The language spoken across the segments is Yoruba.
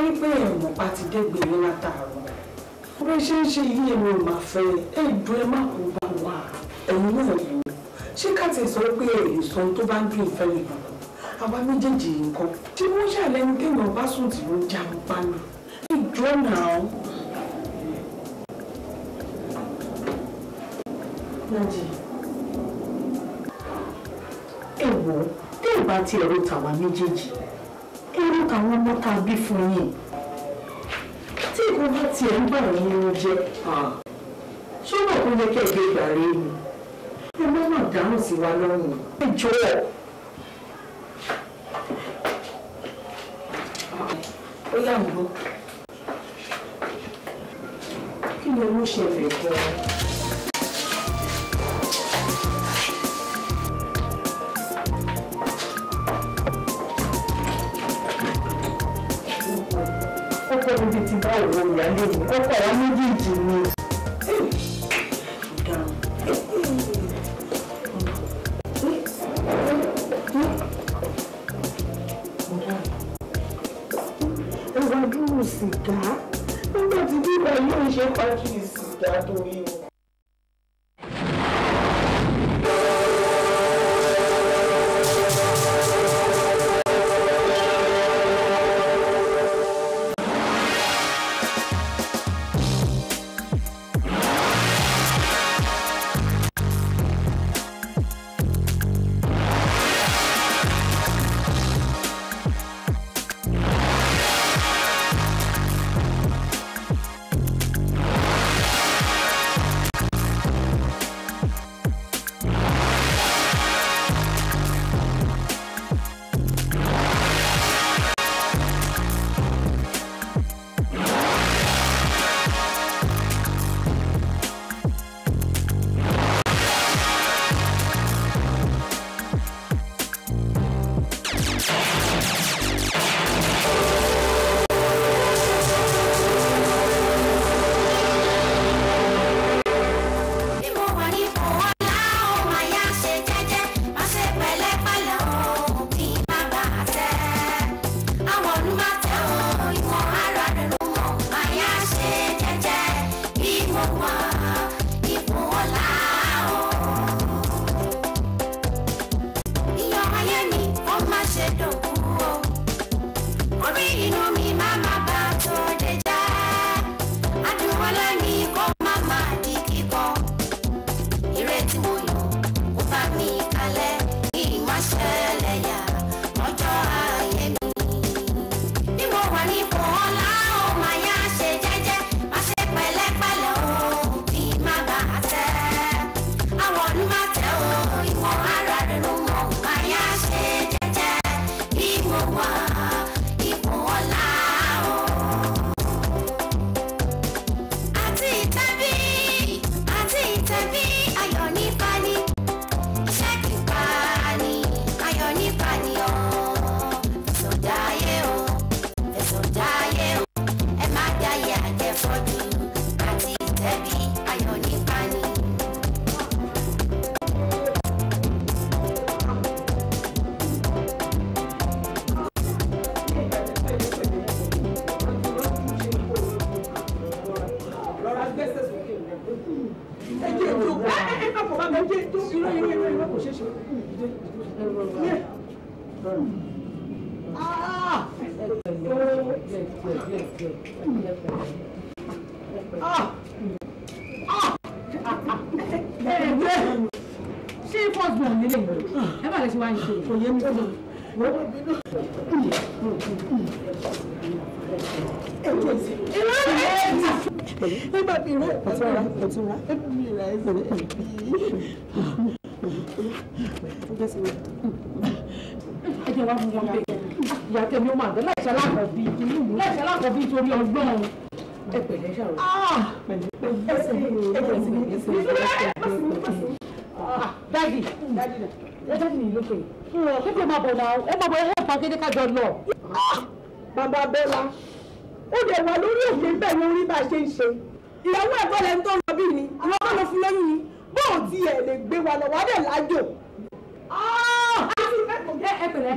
rí pé ẹ̀wọ̀n bá ti dégbè ní látàárọ̀ bí ṣe ń ṣe yí èmi ò máa fẹ́ ẹ̀dùn ẹ má kó bá wà ẹ̀yìn náà yìí o ṣé ká ti sọ pé èso tó bá ń dùn ìfẹ́ yìí àwa méjèèjì nǹkan tí wọ́n ṣàlẹ́nu kéèyàn bá sùn tí ló ń já ń bá lò ìjọ náà. Nàjì, èèwọ̀ tí ì bá ti ẹ̀rọ tàwa méjèèjì àwọn ọmọ tá a bí fún yín tí ìkú bá tiẹ̀ ń bà yín ló jẹ́ ṣọ́nà kó yẹ kẹ́gbẹ́ ìgbà rẹ ni ẹ má má dáhùn sí wa lọ́rùn ẹ jọ̀wọ́. ó yà ń bọ́ kí ni ó ṣẹlẹ̀ gan-an. wo ìyáálé mi kókó àwọn méjèèjì ni. ẹwà dúró sìgá nígbà tí bíbá yóò ṣe pàkíyèsí sìgá torí kò yé mi bẹ́ẹ̀ wọ́n bá bínú. ẹ bá mi rẹ ọtún ra ọtún ra ẹ bí mi ra ẹ sọ̀rọ̀ ẹ bí. ẹ jẹ́ wá mú wọn bẹ́ẹ̀ ìyá tẹ̀mí ó máa bẹ́ láìsẹ́ alákọ̀ọ́bí láìsẹ́ alákọ̀ọ́bí torí ọgbọ́n ẹ pẹ̀lẹ́ ẹgbẹ́ mi ló pè é kékeré máa bọ̀ náà ẹ máa bọ̀ ẹ fà kéde kájọ lọ. bàbá bẹ́lá ó lè wà lórí òkè bẹ́ẹ̀ ni orí bá a ṣe ń ṣe ìyàwó ẹ̀gbọ́n lẹ́ni tó ń rọbí ni àwọn kan ló fún lóyún ni bóò tiẹ̀ lè gbé wa lọ wàá dẹ̀ lájò.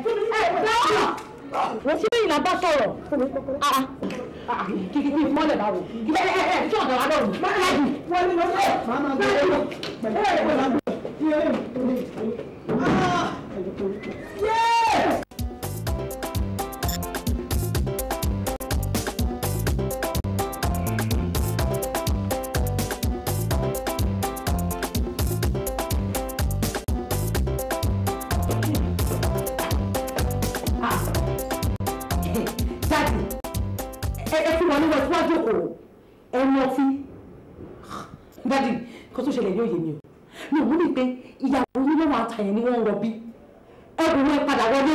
wọ́n ti lẹ́yìn lábá sọ̀rọ̀ kìkì kìkì mọ́lẹ̀ báwo kìkì ẹ̀ ẹ̀ tí ọ̀dọ̀ wa lọ́rùn. wọ́n ní lọ́sẹ̀ máa máa gbé ẹ̀ pẹ̀lú ẹ̀ pẹ̀lú ẹ̀ 아! ẹ̀yìn ni wọ́n ń rọbí ẹ̀rù wọn padà wọlé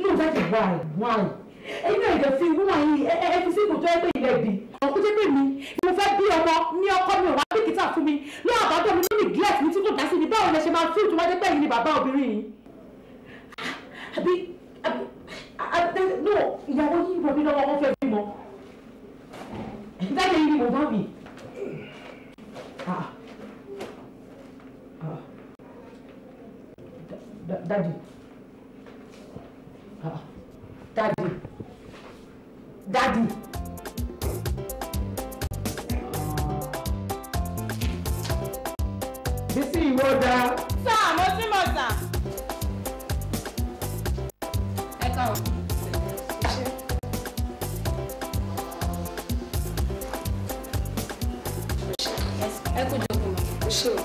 ní ìjà jẹ̀ wọ́n àrùn wọ́n àrùn ẹ̀yin náà ìjọ sí wọ́n àyìn ẹ fi sí ìkòtò ẹgbẹ́ ilẹ̀ bì ọ̀kú jẹ́ pé mi mo fẹ́ bí ọmọ ní ọkọ mi wá bìkítà fún mi lọ́wọ́ àbábọ̀ mi nínú gílẹ̀tì mi tí kò dá sí mi báwo lẹ ṣe máa fíìtì wájú pé ẹ̀yin ni bàbá obìnrin yìí àbí àbí no ìyàwó yìí rọbí lọ́wọ́ wọn fẹ́ bímọ ìdájọ́ yìí ni mo bá mi. Ah. daddy, dadi dadi dadi. bísí ìwọ da. sá mo ti mọ̀ sá. ẹ kàn ó. ẹ kú jókòó.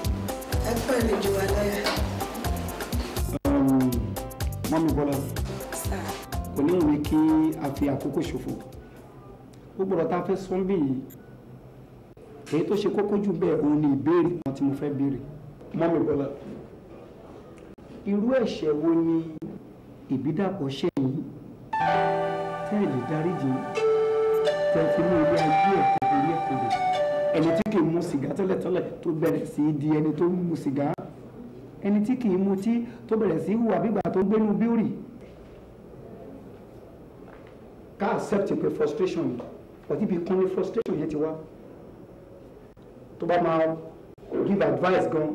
ẹ kú ẹ lè jù wá lọ́yà mọ́mí bọ́lá kò ní òwe kí a fi àkókò ṣòfò gbogbo ọ̀rọ̀ tá a fẹ́ sọ ń bì yìí èyí tó ṣe kókó jù bẹ́ẹ̀ òun ni ìbéèrè kan tí mo fẹ́ béèrè mọ́mí bọ́lá irú ẹ̀ṣẹ̀ wo ni ìbídàpọ̀ ṣe yìí tẹ́ ẹ̀ lè dáríjì tẹ́ fi mú ilé ayé ẹ̀kọ́ orí ẹ̀kọ́ rẹ̀ ẹni tí kì í mu sìgá tẹ́lẹ̀tẹ́lẹ̀ tó bẹ̀rẹ̀ sí di ẹni tó ń mu sìgá ẹni tí kì í mutí tó bẹ̀rẹ̀ sí hùwà bígbà tó ń gbénu bíórì ká accept pé frustration yìí ọtí bíi kan ní frustration yẹn ti wá tó bá máa give advice gan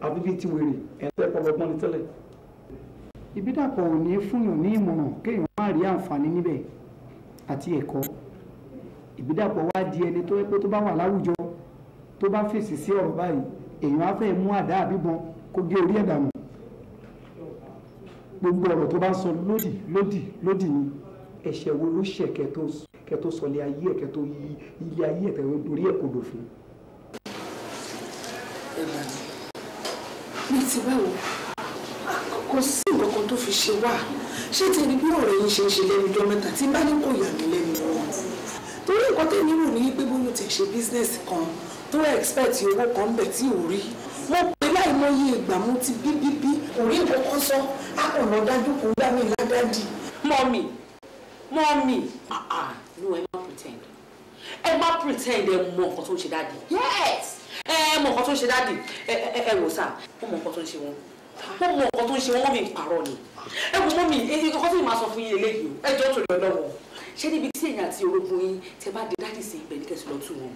àbí bíi ti wèrè ẹ̀ ń tẹ́ pọ́pọ́pọ́n ní tẹ́lẹ̀ ìbídàpọ̀ ò ní fúnyàn ní ìmọ̀ràn kéèyàn má rí àǹfààní níbẹ̀ àti ẹ̀kọ́ ìbídàpọ̀ wá di ẹni tó yẹ pé tó bá wà láwùjọ tó bá fèsì sí ọ̀rọ̀ báyìí èèyàn á fẹ́ mú àdá àbíbọn kó gé orí ẹ̀ dànù gbogbo ọ̀rọ̀ tó bá ń sọ lódì lódì lódì ni ẹ̀ṣẹ̀ wo ló ṣẹ̀ kẹ́ tó sọ ilé ayé ẹ̀ kẹ́ tó yí ilé ayé ẹ̀ tẹ̀wé orí ẹ̀ kò lò fún. ìlànà ní ti báwo kò sí nǹkan kan tó fi ṣe wá ṣé tẹ̀lé bí ọ̀rọ̀ yìí ṣe ń ṣe lẹ́nu ọjọ́ mẹ́ta tí bá ní kò yà mí lẹ́nu ọ̀rọ̀ torí nǹkan tẹ̀mí rò ní pé bóyá o ti ṣe bísíǹnẹ̀sì kan tó expect mo àìmọye ìgbà mo ti bí bí bí kò rí nǹkan sọ á dájú kò gbà mí ládàdì. mọ́mì mọ́mì ah, ah. no ẹ má pretend ẹ má pretend ẹ mọ nǹkan tó ń ṣe dáàdì yes ẹ mọ nǹkan tó ń ṣe dáàdì ẹ wò sá ó mọ nǹkan tó ń ṣe wọn ó mọ nǹkan tó ń ṣe wọn mọ́mì ń parọ́ ni ẹ wò mọ́mì nǹkan tó ń máa sọ fún yín eléyìí ẹ jọ́ tó lọ́wọ́ ṣé níbi tí èèyàn àti orogún yín tẹ bá di dáàdì sí ibẹ̀ ní kẹsì lọ tù wọn.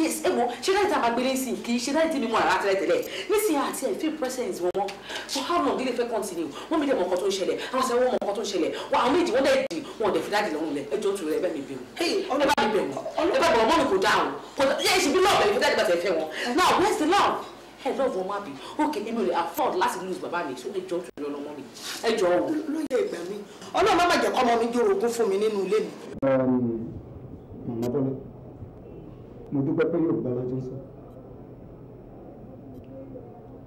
yes ẹ mọ ṣé dáàdì tá a máa gbélé sí kì í ṣe dáàdì tí mi mú àrà tẹ́lẹ̀tẹ́lẹ̀ nísìnyí àti ẹ̀ feel presence wọn mọ́ for how long ilé fẹ́ continue wọ́n mi dẹ̀ mọ ọkọ tó ń ṣẹlẹ̀ àwọn sẹ́wọ́n mọ ọkọ tó ń ṣẹlẹ̀ wọn àwọn méjì wọ́n dẹ̀ dì wọn dẹ̀ fi dáàdì lọ́rùn lẹ̀ ẹjọ́ tù rẹ̀ ẹ bá mi bẹ̀rù ẹ bá mi bẹ̀rù ẹ bá bọ̀rọ̀ mọ́ mi kò dáhùn kò yẹ ẹ lọ́ọ̀bù ọmọ àbí òkè inú rẹ̀ afford láti lose bàbá mi sókè jọ tó lọ lọ́mọ mi ẹ jọ wò. lóye ìgbà mi ọlọ́run má jẹ́ kọ́ ọmọ mi jòrò ogún fún mi nínú ilé mi. màmá bọ́lá mo dúpẹ́ pé yóò gbà lọ́jọ́ sọ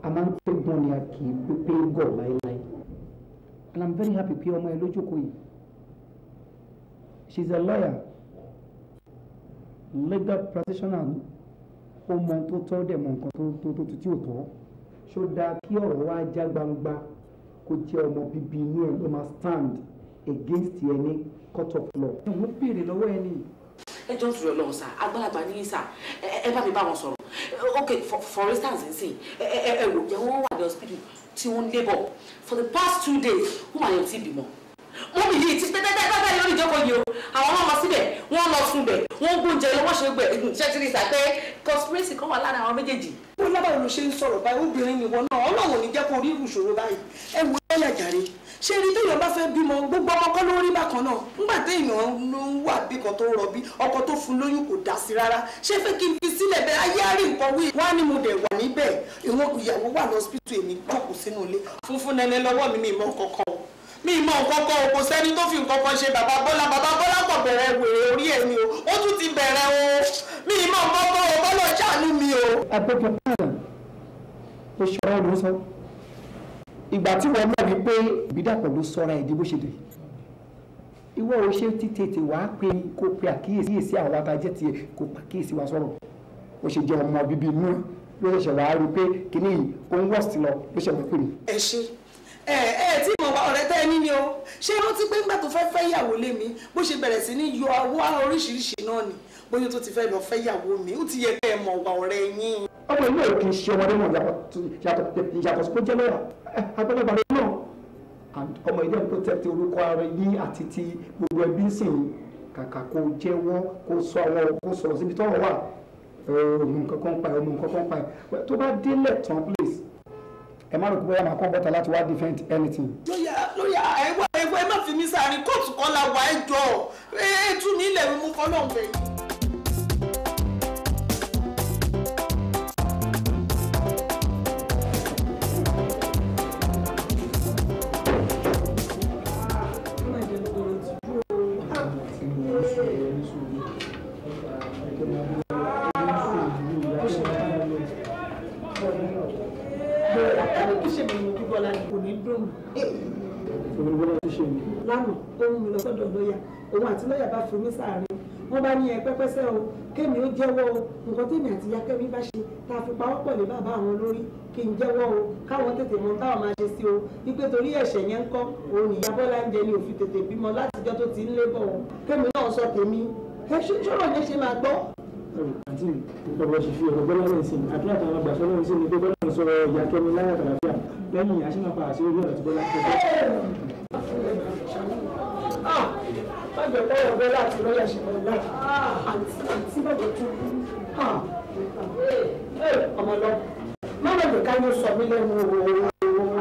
a máa ń pé gbọ́n ni a kì í pé pé gọ̀ láéláé and i'm very happy pé ọmọ ẹ lójókòó yìí she is a lawyer legal practitioner ó mọ tó tọ́ dẹ̀ mọ nǹkan tó tó tó tí ò tọ́ ṣó dáa kí ọ̀rọ̀ wá já gbangba kó jẹ́ ọmọ bíbí inú ẹ̀ ló máa stand against ẹni court of law. mo béèrè lọ́wọ́ ẹni. ẹ jọ ń sọ̀rọ̀ lọ́wọ́ sá àgbàlagbà ní sá ẹ bá mi bá wọn sọ̀rọ̀ ok for, instance nsìn ẹ ẹ ẹ wò yẹ wọ́n wà ní hospital tí wọ́n ń labour for the past two days wọ́n wà yẹn ti bímọ mú mi yìí ti tẹ́tẹ́tẹ́tẹ́ lórí ìjókòó yìí o àwọn ọmọ síbẹ̀ wọ́n lọ sùn bẹ̀ wọ́n gbóúnjẹ lọ wọ́n ṣe gbẹ ṣẹ́tìrì sàpẹ́ conspiracy kan wà lára àwọn méjèèjì. ó lábàá ló ṣe ń sọ̀rọ̀ báyìí obìnrin nìwọ náà ọlọ́run ní jẹ́ kó rí ìṣòro báyìí ẹ wo ẹ̀yà jàre ṣé rí téèyàn bá fẹ́ bímọ gbogbo ọmọ kọ́ ló rí bákan náà nígbà téèyàn ló ń wà bí kan tó rọbí ọkọ tó fún lóyún kò dá sí rárá ṣé fẹ́ kí n fi sílẹ̀ bẹ́ẹ̀ ayé àárín nǹkan wí. wá ní mo dẹ̀ wà níbẹ̀ ìwọ̀n ìyàwó wà lọ́sibítù èmi jókòó sínú ilé funfun nẹnẹ lọ́wọ́ mi mi ìmọ̀ kankan o mi mọ nǹkan kan kò sẹ́ni tó fi nǹkan kan ṣe bàbá Bọ́lá bàbá Bọ́lá kò bẹ̀rẹ̀ wèrè orí ẹ̀ ni o ó tún ti bẹ̀rẹ̀ o mi mọ nǹkan kan o bọ́lọ̀ ṣàánú mi o. àgbẹ̀kẹ̀ pààlà ó ṣọ̀rọ̀ ló sọ ìgbà tí wọn náà rí pé Ìbídàpọ̀ ló sọra ẹ̀ di bó ṣe dé ìwọ ò ṣe ti tètè wàá pe kó pe àkíyèsí àwọn atajẹ́ tiẹ̀ kó pa kíyèsí wa sọ̀rọ̀ ó ṣe jẹ́ ọmọ bíbí inú ló ṣẹ̀ṣẹ̀ wàá rí pé kínní yìí òun wọ̀ sí lọ ló ṣẹ̀ṣẹ̀ pè mí. ẹ ṣe ẹ ẹ tí mo wá ọ̀rẹ́ tẹ́ ẹ ní ni o ṣé rántí pé nígbà tó fẹ́ fẹ́ ìyàwó lé mi bó ṣe bẹ̀rẹ̀ sí ní yọ awọ́ oríṣiríṣi náà ni bóyá tó ti fẹ́ lọ fẹ́ ìyàwó mi ó ti yẹ kẹ́ ẹ mọ̀ wá ọ̀rẹ́ yín. ọmọ ìlú ẹ̀ kì í ṣe ọmọdé mọ̀ yàtọ̀ sí kó jẹ́ lọ́yà agbẹ́lẹ́gbà rẹ̀ náà ọmọ ìlú ẹ̀ protect orúkọ ara ní àti ti gbogbo ẹbí sìn kàkà kó jẹ́wọ́ kó sọ àwọn kó sọ̀rọ̀ síbi tọ́rọ̀ wà ọmọ nǹkan kan pa ọmọ nǹkan kan pa tó bá délẹ̀ tán ẹ má rò pé bóyá màá kọ́ bọ́ta láti wá defend anything. lóyà lóyà ẹ̀wọ̀ ẹ̀wọ̀ ẹ má fi mí sáà ní kóòtù kan la wà ẹ jọ ẹ tú mi ilẹ̀ mi mú fọlọ́ọ̀bẹ. òun àti lọ́yà bá fún mi sáàrin wọ́n bá ní ẹ o kémi ó jẹ́wọ́ o nǹkan tèmi àti ìyá kẹ́mi bá ṣe tá a fi pawọ́pọ̀ lé bàbá àwọn lórí kí n jẹ́wọ́ o káwọn tètè mọ táwọn máa ṣe sí o wípé torí ẹ̀ṣẹ̀ yẹn ń kọ́ òun ìyá Bọ́lá ń jẹ ní òfin tètè bímọ látijọ́ tó ti ń lé bọ̀ o kémi náà sọ tèmi ẹ ṣe ṣọ́rọ̀ yẹn ṣe máa gbọ́. àǹtí ìpàgọ́ ṣì fi ọ̀rọ̀ bọ́lá lẹ́sìn àdúrà táwọn àgbà sọ́lọ́ ń sìn ní pé bọ́lá ń sọ ìyá kẹ́mi bàjẹ́ bọ́ọ̀rọ̀ bẹ́ẹ̀ láti lọ́yà ṣẹlẹ̀ náà àti àti bàjẹ́ tó kú ọmọ lọ má bàjẹ́ ká yóò sọ mí lẹ́nu o.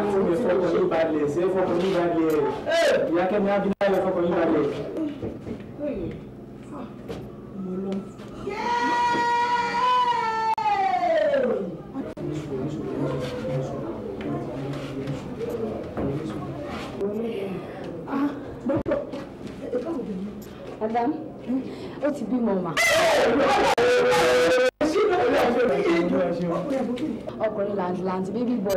àtúnbẹ̀ fọkàn yín balẹ̀ ṣé fọkàn yín balẹ̀ ìyá kẹ́mi abínáyọ̀ fọkàn yín balẹ̀. bímọ mà. ọkùnrin làǹtìlàǹtì bébí bọ̀.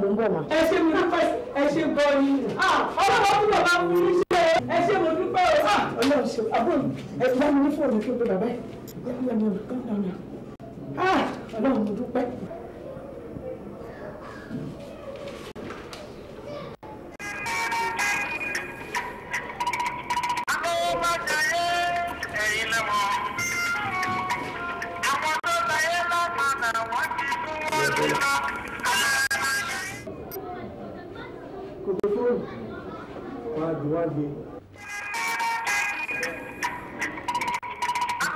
mo ń bọ̀ mà. ẹ ṣe mi dúpẹ́ ẹ ṣe bọ̀ ni ọlọ́wọ́ fún bàbá mi ní ṣe ẹ ṣe mo dúpẹ́ o. ọlọ́run ṣe àbúrò ẹ bá mi ní fóònù fún bàbá yìí. Ah! ọlọ́run mo dúpẹ́. ni.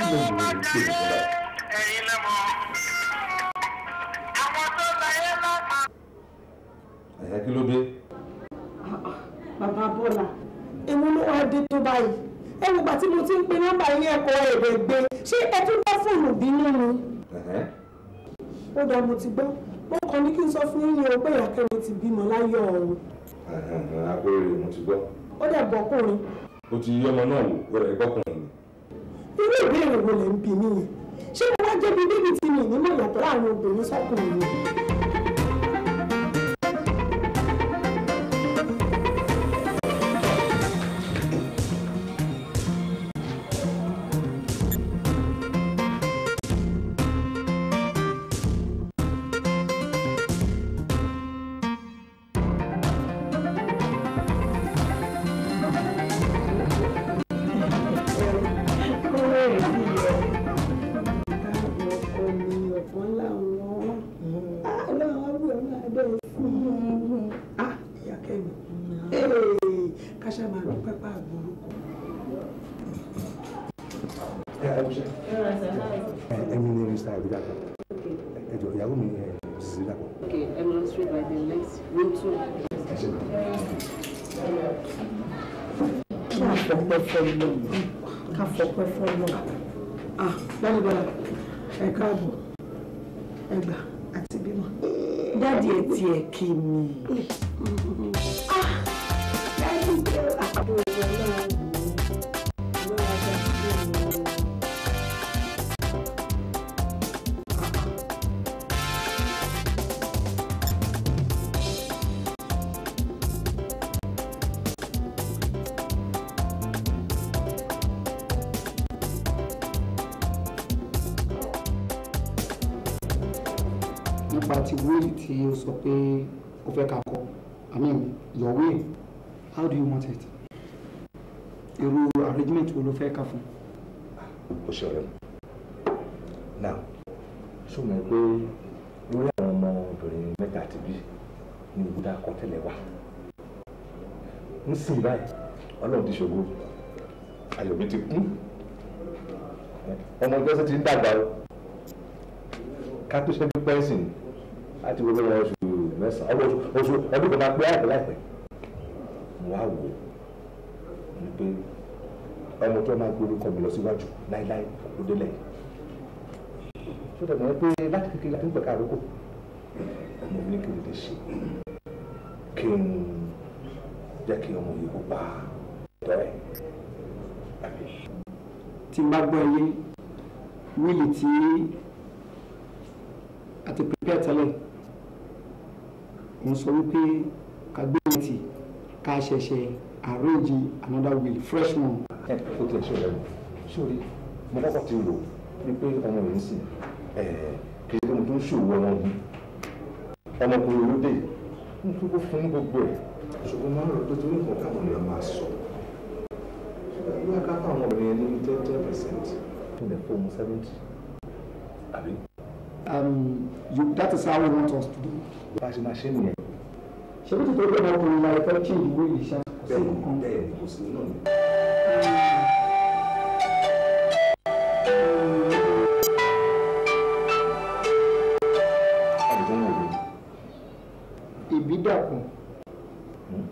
àwọn ọmọ jàre ẹ̀yin lẹ́mọ̀ àwọn tó láyé lọ́pàá. ẹ̀yà kí ló dé. bàbá bọ́lá èmi ló wá dé tó báyìí ẹ wò gbà tí mo ti ń pe nọ́mbà yín ẹkọ ẹrẹ gbé ṣé ẹ tún bá fóònù bínú ni. ó dọ̀ mo ti gbọ́ mo kàn ní kí n sọ fún yín o pé ìyá kẹrin ti bímọ láyọ̀ ọ̀run. àpẹẹrẹ mo ti gbọ́ ó dẹ̀ bọ́ kùnrin. o ti yí ọmọ náà wò rẹ̀ gbọ́kùnrin ni. irú ìbéèrè wo lè ń bi mí yẹn ṣé mo wá jẹ́ bíi bíbí tí mi ní mọ̀ yàtọ̀ láàrin obìnrin sọ́kùnrin ni. káṣá máa dúpẹ́ pa àgbòrúkọ. ẹ̀mí ní mr abidjan ẹ̀jọ̀ ìyàwó mi ṣìṣì eh, dàpọ̀. okay i'm on street by the next room two. ká fọpẹ́ fọlọ́ ká fọpẹ́ fọlọ́ ah báyìí bọ́lá ẹ káàbọ̀ ẹgbà àti bímọ dáàdi ẹ tiẹ̀ kí mi. Mm-hmm nípa ti will tí o sọ pé o fẹ́ ká kọ i mean your way. how do you want it ló fẹ́ kà fún. o ṣe ọ̀rẹ́ mi now ṣó mọ̀ pé lórí àwọn ọmọbìnrin mẹ́ta àti bí ni ìwúdà kan tẹ́lẹ̀ wà ń sìn báyìí ọlọ́run ti ṣògo ayọ̀ ti kún ọmọ ìgbésẹ̀ ti ń dàgbà o ká tó ṣe bí pẹ́ńsìn láti wọlé wọn oṣù mẹ́sàn-án oṣù ọdún kan máa pé àìpẹ́ láìpẹ́ mo wá wò ó ní pé ọmọ tó máa gbé orúkọ mi lọ síwájú láíláí òdélẹ̀ tó dẹ̀ mọ́ pé láti kékeré láti ń pẹ̀ka àrókò mo ní kí n lè ṣe kí n jẹ́ kí ọmọ yìí kó pa ọ̀rẹ́ tí n bá gbọ́ ẹyé wíìlì tí a ti pèpè tẹ́lẹ̀ ń sọ wípé ká gbé ẹtì ká ṣẹ̀ṣẹ̀ arrange another will fresh one. ẹ o tẹ sọ rẹ o mo kọ́kọ́ ti rò wípé ọmọ mi ń sìn kì í ṣe mo tún ṣòwò ọmọ mi ọmọkùnrin olóde n tó kó fún gbogbo ẹ. ṣùgbọ́n máa ń rò pé torí nǹkan káwọn èèyàn máa sọ ìlú àkápá àwọn obìnrin ẹni ní ten ten percent. ilẹ̀ fún ọmọ seventy àbí. Um, you, that is how we want us to do. ṣé bí tìtọ́ gbọ́dọ̀ ọkùnrin la ẹ̀fọ́ kí ìlú ìlú bẹ́ẹ̀ ni bẹ́ẹ̀ ni kò sí nínú mi. Ìbídàpọ̀ hmm?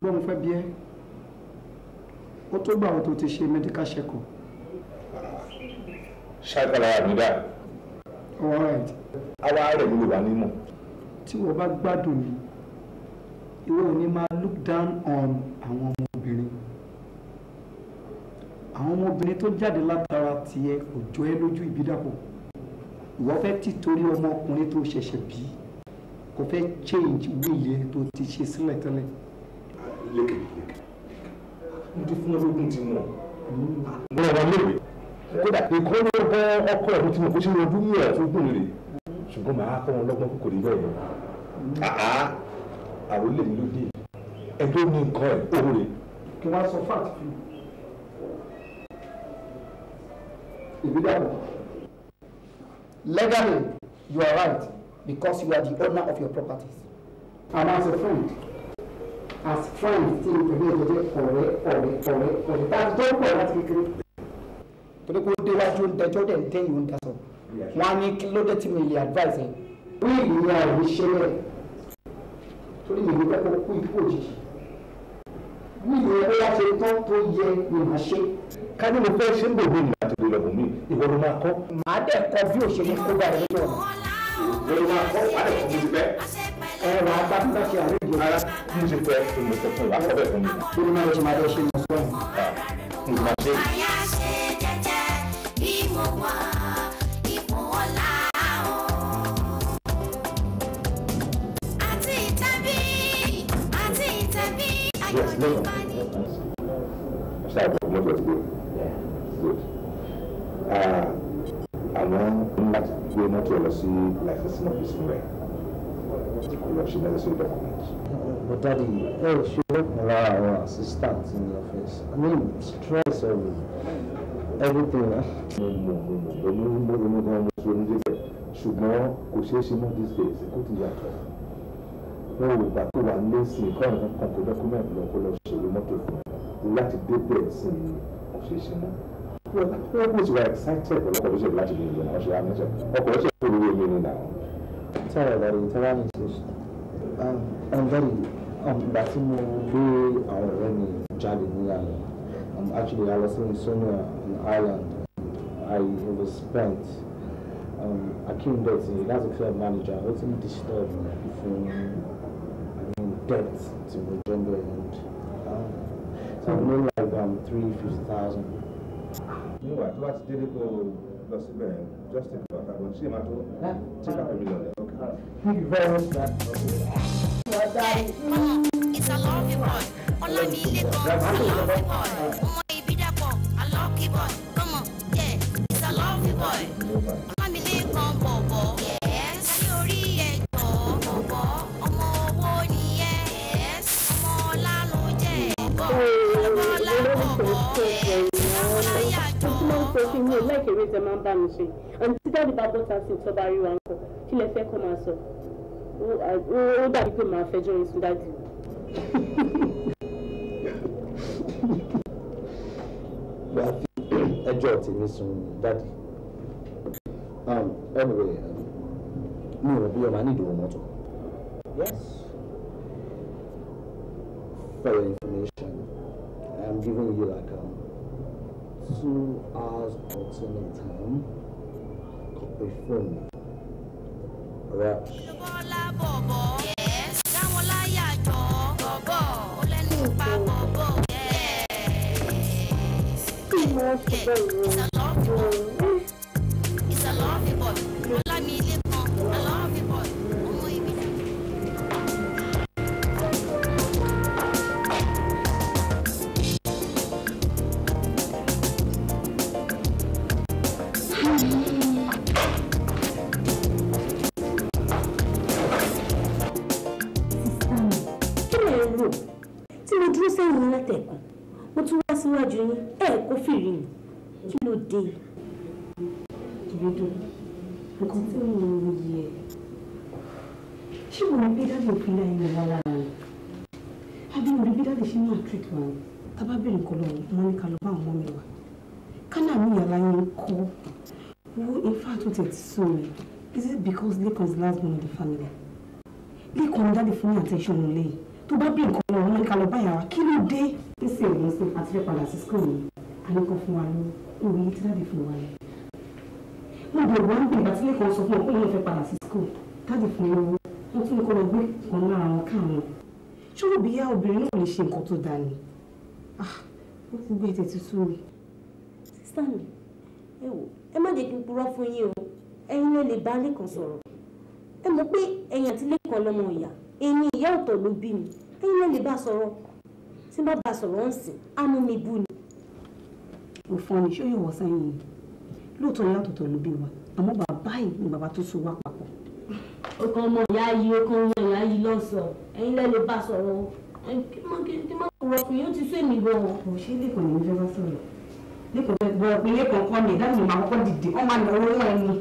gbọ́n mo fẹ́ bí ẹ́ ó tó gbà wọn tó ti ṣe medical check-up. ṣàkàlà àbídà. all right. àwa rẹ̀ ló wà nímọ̀. tí wọ́n bá gbádùn mi ìwọ ò ní máa look down on àwọn ọmọbìnrin àwọn ọmọbìnrin tó jáde látara tiẹ̀ kò jọ ẹ́ lójú ìbídàpọ̀ ìwọ fẹ́ tìtorí ọmọkùnrin tó ṣẹ̀ṣẹ̀ bí kò fẹ́ change wíìlì ẹ̀ tó ti ṣe sílẹ̀ tẹ́lẹ̀. lékè lékè mo ti fún ọlọ́gbọ́n tí mo mo rà wá léwe kódà ìkọ́ ló bọ́ ọkọ ẹ̀ mo ti mọ̀ kó ṣe ojú mi ẹ̀ fún gbòòrè ṣùgbọ́n màá kọ́ wọn lọ́gbọ́n kòkòrò yọ̀ yẹn. Mm. Ah, ah àròlé mi ló dé ẹgbẹ́ ní nǹkan ẹ̀ òun rè kí wọ́n sọ fáàtì fún mi. ìbídàbọ̀ legally you are right because you are the owner of your properties. and as a friend as friend tí n pẹ̀lú ẹ̀jẹ̀ ọ̀rẹ́ ọ̀rẹ́ ọ̀rẹ́ ọ̀rẹ́ tá tó ń pọ̀ láti kékeré. torí pé ó déwájú ń dẹjọ́ dẹ̀ ń tẹ́yìn ó ń wọ́n á ní kí ló dé tí mi lè advise ẹ̀. wíìlì ni àwọn ìṣẹ̀lẹ̀ torí mi ìgbẹ́ kó kú ikú òjijì mi ìgbẹ́ kó wá ṣe tán tó yẹ ni màá ṣe. ká ní mo fẹ́ ṣe ń gbòògbò ìgbà tó lè lọ́gùn mi ìwọ ló máa kọ́. màá dẹ̀ kọ bí òṣèlú kó bá rẹ̀ lọ́wọ́. ìwọ ló máa kọ́ wà lẹ́kọ̀ọ́ mi ti bẹ́. ẹ wà á bá mi láti àárẹ̀ ìjọba. ara mo ti fẹ́ tó mo fẹ́ fún ìwà kọ́ bẹ́ẹ̀ fún mi. kí ló máa lọ ṣe máa lọ ṣe lọ sọ́ọ̀ Yes, Liam. Ṣáàbù mọ́tò ti dé. Good. Àmọ́ nígbà tí gbé mọ́tò lọ sí láìsẹ̀sì náà bísí rẹ̀, kò lọ ṣe mẹ́rin sí document. But daddy, ẹ she ṣe lọ́kùnrin lára àwọn assistant in the office. I mean, stress of everything. Mo mọ̀ mo mọ̀ pẹ̀lú mo mọ̀ mo mọ̀ mo ṣe oníjẹ́ bẹ̀ ṣùgbọ́n kò ṣeé ṣe mọ́ these days kó ti yàtọ̀ wọn ò gbà pé wà á lé sí i kọ́ àwọn kan kó dọ́kúmẹ̀tì lọ kó lọ ṣòro mọ́tò fún un láti dé bẹ́ẹ̀ sí i kò ṣeé ṣe mọ́. wọ́n kò sì wá excited ọlọ́kọ̀ ló ṣe láti lè lọ ọ̀ṣẹ́ amẹ́ṣẹ́ ọkọ̀ ló ṣe kó lórí èmi nínú àwọn. tẹ́lẹ̀ lọ́rọ̀ ìtẹ́lá ní ṣe um, um, ìgbà tí mo gbé àwọn ọ̀rẹ́ mi jáde ní àná um, actually I was in Sonia in Ireland I overspent um, Akim Dotty that's a club manager ó ti ń disturb me fún debts to Mujembe and uh, so I've known like um, three, fifty thousand. You know what? What's difficult? Just think about that one. See, Mato, take up a million. Okay. Thank you very much. Mama, it's a lucky boy. Olami Lego, a lucky boy. Omo Ibidako, a lucky boy. Come on, yeah, it's a lucky boy. kí mi ò láìkè eré tẹ máa ń bá mi ṣe and tí dáàdì bá bọ́ta sí tó bá rí wa ń kọ kí lẹ fẹ́ kọ́ máa sọ ó dàbí pé màá fẹjọ́ yín sún dáàdì. ẹjọ́ tèmi sùn dáàdì um, anyway mi ò rò bí ọmọ nídìí ohun mọ́tò. yes for your information i am giving you like. Um, two hours alternate time copy phone rush. dúró sẹ́yìn látẹ̀kùn mo tún wá síwájú yín ẹ̀ kó fìrí mi kí ló dé. ìrèdò nǹkan tí mo ń yí ẹ ṣé mo rí bídàdì òfin náà yẹn wá lára rẹ àbí mo rí bídàdì ṣe ní àtúntò àwọn tábà bèrè kọ lọ mo ní ká lọ bá àwọn ọmọ mi wá kánà mi yàrá yẹn kọ wo ifá tó tẹ̀ tí sọ mi is it because Lekan is the last born of the family Lekan dáàdì fún mi àtẹ̀sán lónìí tó bá bí nǹkan lọ ní kálọ báyà wa kí ló dé. tẹsí ẹ̀ lọ sí àti fẹ́ padà sí skul mi àlékọ́ fún wa ní òwe tí dáàdì fún wa yẹn. mo bẹ̀rù wọn bí ìgbà tí lẹ́kọ̀ọ́ sọ fún ọ pé òun fẹ́ padà sí skul dáàdì fún mi owó wọ́n tún kọ́ lọ gbé kan lára wọn káwọn. ṣòro bíyá obìnrin náà lè ṣe nǹkan tó dáa ni. Ah, ó ti gbé ètè tuntun mi. sísá mi ẹ wò ẹ má jẹ́ kí n purọ́ fún yín o ẹ̀yin lè bá lẹ́kọ̀ọ́ sọ̀rọ̀ ẹ mọ̀ pé ẹ̀yin àti lọ́mọ ìyá èmi ìyá ọ̀tọ̀ ló bí mi ẹ̀yin náà lè bá sọ̀rọ̀ tí bá bá sọ̀rọ̀ ń sìn á mú mi bú ni. mo fọ́n ni ṣé yóò wọ sẹ́yìn yìí lóòótọ́ ìyá ọ̀tọ̀ ló bí wa àmọ́ bàbá yìí ni bàbá tó so wá papọ̀. ọkàn ọmọ ìyá yìí ọkàn ọmọ ìyá yìí lọ́sọ̀ọ́ ẹ̀yin náà lè bá sọ̀rọ̀ o kí má wọ ọkùnrin ó ti sún èmi gan o. kò é lẹ́kọ̀ọ́ ni mo fẹ́ bá sọ̀rọ̀ lẹ́kọ̀ọ́ bọ̀ ọ̀pìn lẹ́kọ̀ọ́ kọ́ mi ìdáhùn ìmọ̀ àkọ́kọ́ dìde wọ́n máa ń owó náà ni.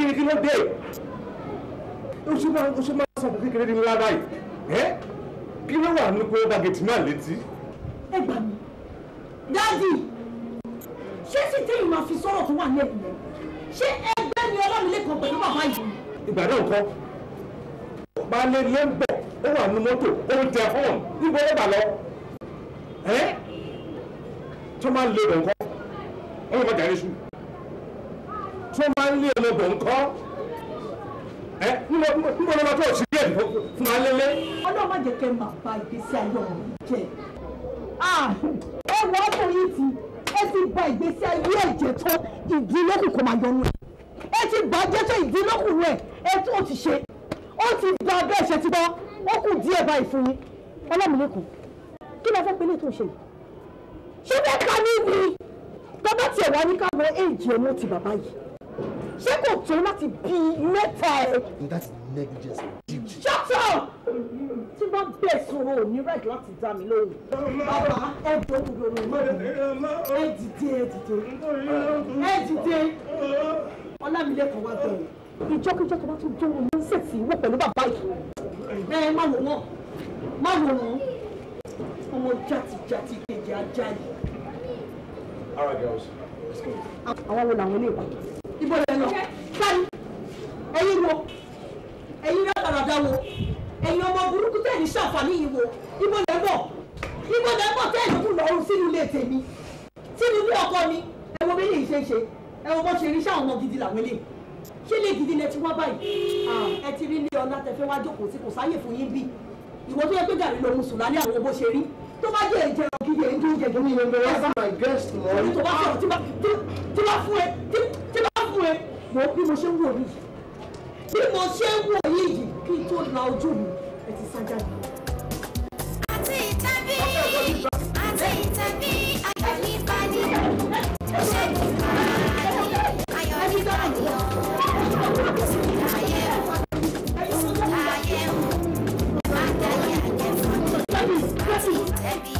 kékeré kí ló dé o ṣe máa o ṣe máa sọ fún kékeré ní ńlá báyìí ẹ kí ló wà ní kó dàgẹ̀tì náà létí. ẹ gbà mí dáàdì ṣé sì tí ìmọ̀ fi sọ̀rọ̀ tó wà lẹ́nu rẹ̀ ṣé ẹgbẹ́ ni ọlọ́milẹ́kan pẹ̀lú bàbá yìí. ìgbà náà kọ́ baálé ló ń bọ̀ ó wà ní mọ́tò ó ń tẹ fọ́ọ̀n níbo ló bà lọ. tó máa ń lo ìrọ̀kọ́ ọlọ́mọdé àrísù tó máa ń lé olóbò ńkọ́ ẹ níbo ló máa tó òsì díẹ̀ fún wa lélẹ̀. ọlọ́run má jẹ́ kẹ́ máa ba ìgbésí ayé ọmọ mi jẹ́ ẹ wọ ọkọ yìí ti ẹ ti ba ìgbésí ayé ẹ̀jẹ̀ tó ìdílé kù máa yọnu ẹ ti bàjẹ́ tó ìdílé kù rẹ̀ ẹ tó ti ṣe ó ti ba bẹ́ẹ̀ ṣe ti bọ́ ó kù díẹ̀ báyìí fún yín ọlọ́mùlẹ́kùn kí ló fẹ́ pinnu tó ṣe ṣé bẹ́ẹ̀ ká ní ni tó bá tiẹ̀ wá ní káwọ́ èjì ọmọ ti bàbá yìí ṣé kò tó láti bí mẹ́ta ẹ̀. that's negligence duty. shut up tí bá bẹ̀ sọ̀rọ̀ ò ní rẹ̀dí láti dá mi lóhùn. bàbá ẹ jọ òdòdó ẹ dìde ẹ dìde ẹ dìde ọlámilẹ́kọ̀ọ́ wa bẹ̀rẹ̀ ìjọkíjọ tó bá tún jó wọn ń sèṣì wọ pẹ̀lú bàbá yìí ẹ má wò wọn má wò wọn ọmọ jàtìjàtì kejì ajá yìí. all right girls let's go. àwọn wo làwọn ilé ìwà ibo lẹ lọ sani ẹ̀yin wo ẹ̀yin rádaràda wo ẹ̀yin ọmọ burúkú tẹ̀ sàǹfààní yìí wo ibo lẹ bọ̀ ibo lẹ bọ̀ tẹ̀ ìlú lọ́rùn sínú ilé tèmi sínú ilé ọkọ mi ẹ wo bí lè ṣe ṣe ṣe rí sáwọn ọmọ gidi làwọn eléyìí ṣé lè gidi lẹ ti wá báyìí ẹ ti rí ilé ọ̀nà tẹ̀fẹ́ wá jókòó sí kò sáyè fún yín bí ìwọ tó yẹ pé gàrí lòun sùn lálẹ́ àwọn bó ṣe rí tó bá jẹ́ ìjẹ́ ògidì èyí tó ń jẹ jù. mi ò lọ wá sí my guest lọ. tí bá fún ẹ tí bá fún ẹ wò bí mo ṣe ń wò yìí bí mo ṣe ń wò yìí kí n tó la ojú mi ẹ ti sá jáde. àti ìtàbí àti ìtàbí ayọ̀ ní bali ṣe ní bali ayọ̀ ní àti ìtàbí.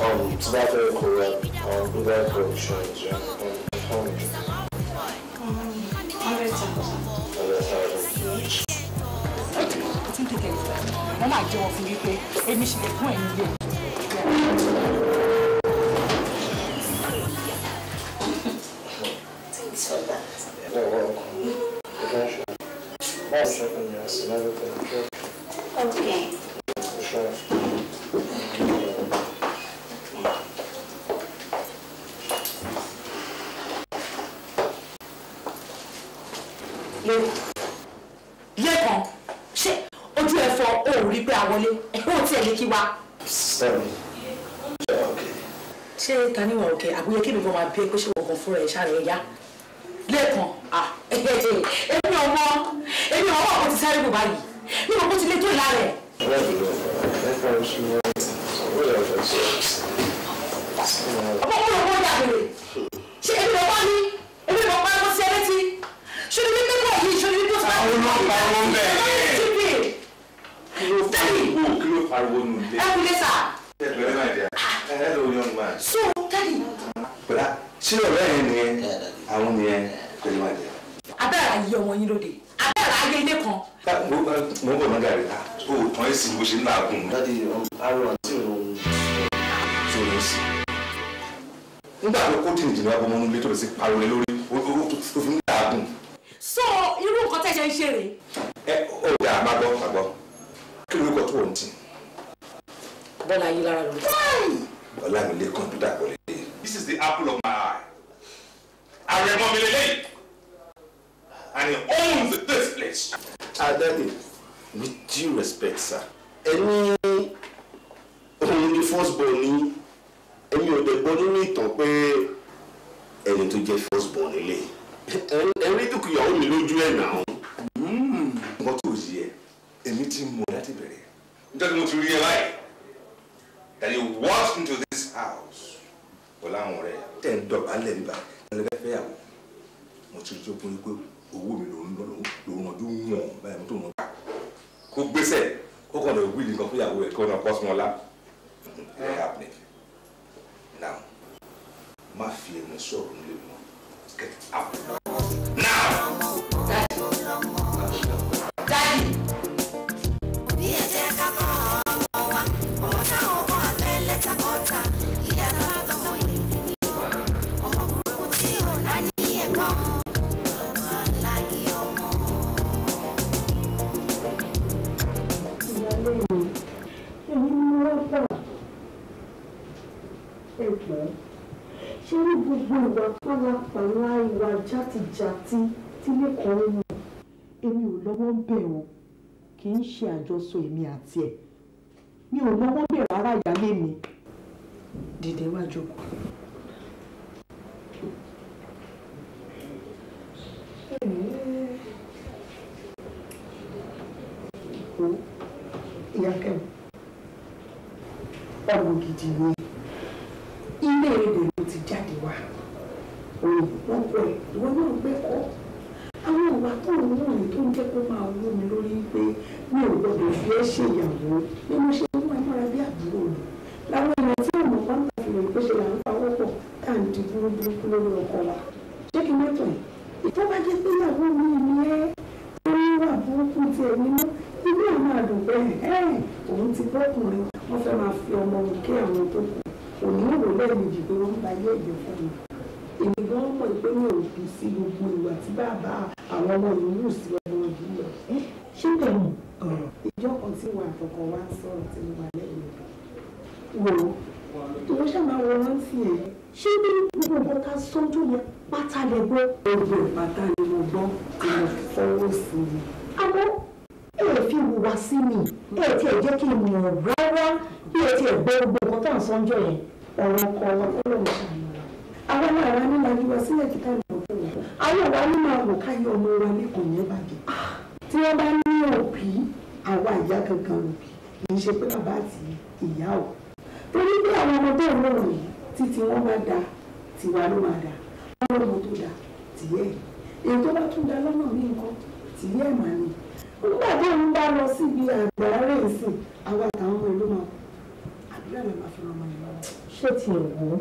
um, tobacco correct, um, tobacco insurance, yeah, and how much? Um, 100,000. Um, I think I get that. Wọ́n máa jẹ́wọ́ fún wípé 这个是我和夫人商量的呀。méjì ni mọ́nú ilé sí pariwo lórí òfin ní àágùn. so irú nǹkan tẹ́ ṣe ń ṣe rèé. ẹ ò dà má gbọ́ má gbọ́ kí lóríkọ tó wọ̀n ti. bọ́lá yín lára bọ́lá this is the apple of my eye. ààrẹ mọ́ mi lélẹ́yìn and he owns this place. adadi with due respect sir ẹni òun ni first born ni èmi ò dẹ̀ gbọ́ nínú ìtàn pé ẹni tó jẹ́ first born ilé ẹni dúkìá ìyàwó mi lójú ẹ̀ nà ó. Hmm. nǹkan tó yí ẹ èmi ti mọ láti bẹ̀rẹ̀. nítorí mo ti rí ẹ báyìí that you walked into this house pẹ̀lú àwọn ọ̀rẹ́ tẹ̀ ń dọ̀bálẹ̀ nígbà ẹlẹ́gbẹ́ fẹ́yàwó mo ti jọ fún mi pé owó mi ló ń lọ ló ń rànjú wọ̀n báyìí mo tó ràn ká kó gbéṣẹ́ kó kàn lọ wíìlì kan fúyàwó ẹ̀ kó ràn kọ́sùmọ́lá. Eh. now uma firma que um livro. jàtí tí lẹ́kọ̀ọ́ wù èmi ò lọ́wọ́ ń bẹ̀ o kì í ṣe àjọsọ èmi àti ẹ̀ mi ò lọ́wọ́ bẹ̀ rárá ìyálé mi. dìde wá jókòó. ìyá gidi ni ilé èdè ló ti jáde wá wọ́n pẹ̀ ìwọ náà pẹ́ kọ́ àwọn ìwà tó ń wù mí tó ń jẹ́ kó máa wù mí lórí pé mi ò gbọdọ̀ fi ẹ́ ṣèyàwó bí mo ṣe ń wá mọ́ra bí àbúrò mi láwọn èèyàn tí àmọ́ bá ń bá fi ròyìn pé ṣe là ń fa wọ́pọ̀ tá à ń di burúburúkú lórí ọkọ wa ṣé kí mẹ́tọ̀ ẹ̀ ìtọ́bajẹ́ pé ìyàwó mi ni ẹ́ tó ń wà burúkú tiẹ̀ nínú inú àwọn àdùnkẹ́ ẹ̀ òun ti bọ́kùnrin wọ́n fẹ́ máa fi ọmọ òkè àwọn tó kù òní ìròlẹ́ ìjì pé wọ́n ń ba ilé ìjọ fún mi èmi gan mọ̀ pé mi ò dùn sí gbogbo ìwà tí bàbá àwọn ọmọ mi yóò sí ọmọ ọdún lọ. ṣé bẹ̀rù ìjọ kan tí wà àkọ́kọ́ wá sọ̀rọ̀ tí mo wà lẹ́yìn rẹ̀ wò ó tó ṣàmà wọ rántí ẹ̀ ṣé bí gbogbo nǹkan ká sọ́jú yẹn pátá lè gbọ́. gbogbo ìpátá ni mo gbọ́ tí mo fọwọ́ sí i. àmọ́ ẹ ẹ fi wùwá sí mi ẹ ẹ tiẹ̀ jẹ́ kí n mọ̀ rárá bí ẹ tiẹ̀ gbọ́ gbogbo nǹkan tá ń sọ́jọ́ yẹn ọ̀rọ̀ kọ́ ọlọ́run àwọn ọmọ àwa ní máa yíwọ sílẹ̀ kíkà lọ fún wọn àwọn àwa ní máa wò káyé ọmọ wa lẹ́kọ̀ọ́ yẹn bàjẹ́ tí wọ́n bá ní òbí àwa ìyá kankan òbí kì í ṣe pé bàbá àti ìyá o torí bí àwọn ọmọ bẹ́ẹ̀ náà yìí títí wọ́n bá da tiwa ló máa da wọ́n lọ́mọ tó da tìyẹ́ èyí tó bá tún da lọ́nà ní nǹkan tìyẹ́ màá ni nígbà tó ń bá lọ síbi àgbàrá ìsìn àwa àtàwọn ọmọ ìlú máa àdúrà lè máa fi ọmọ ìlú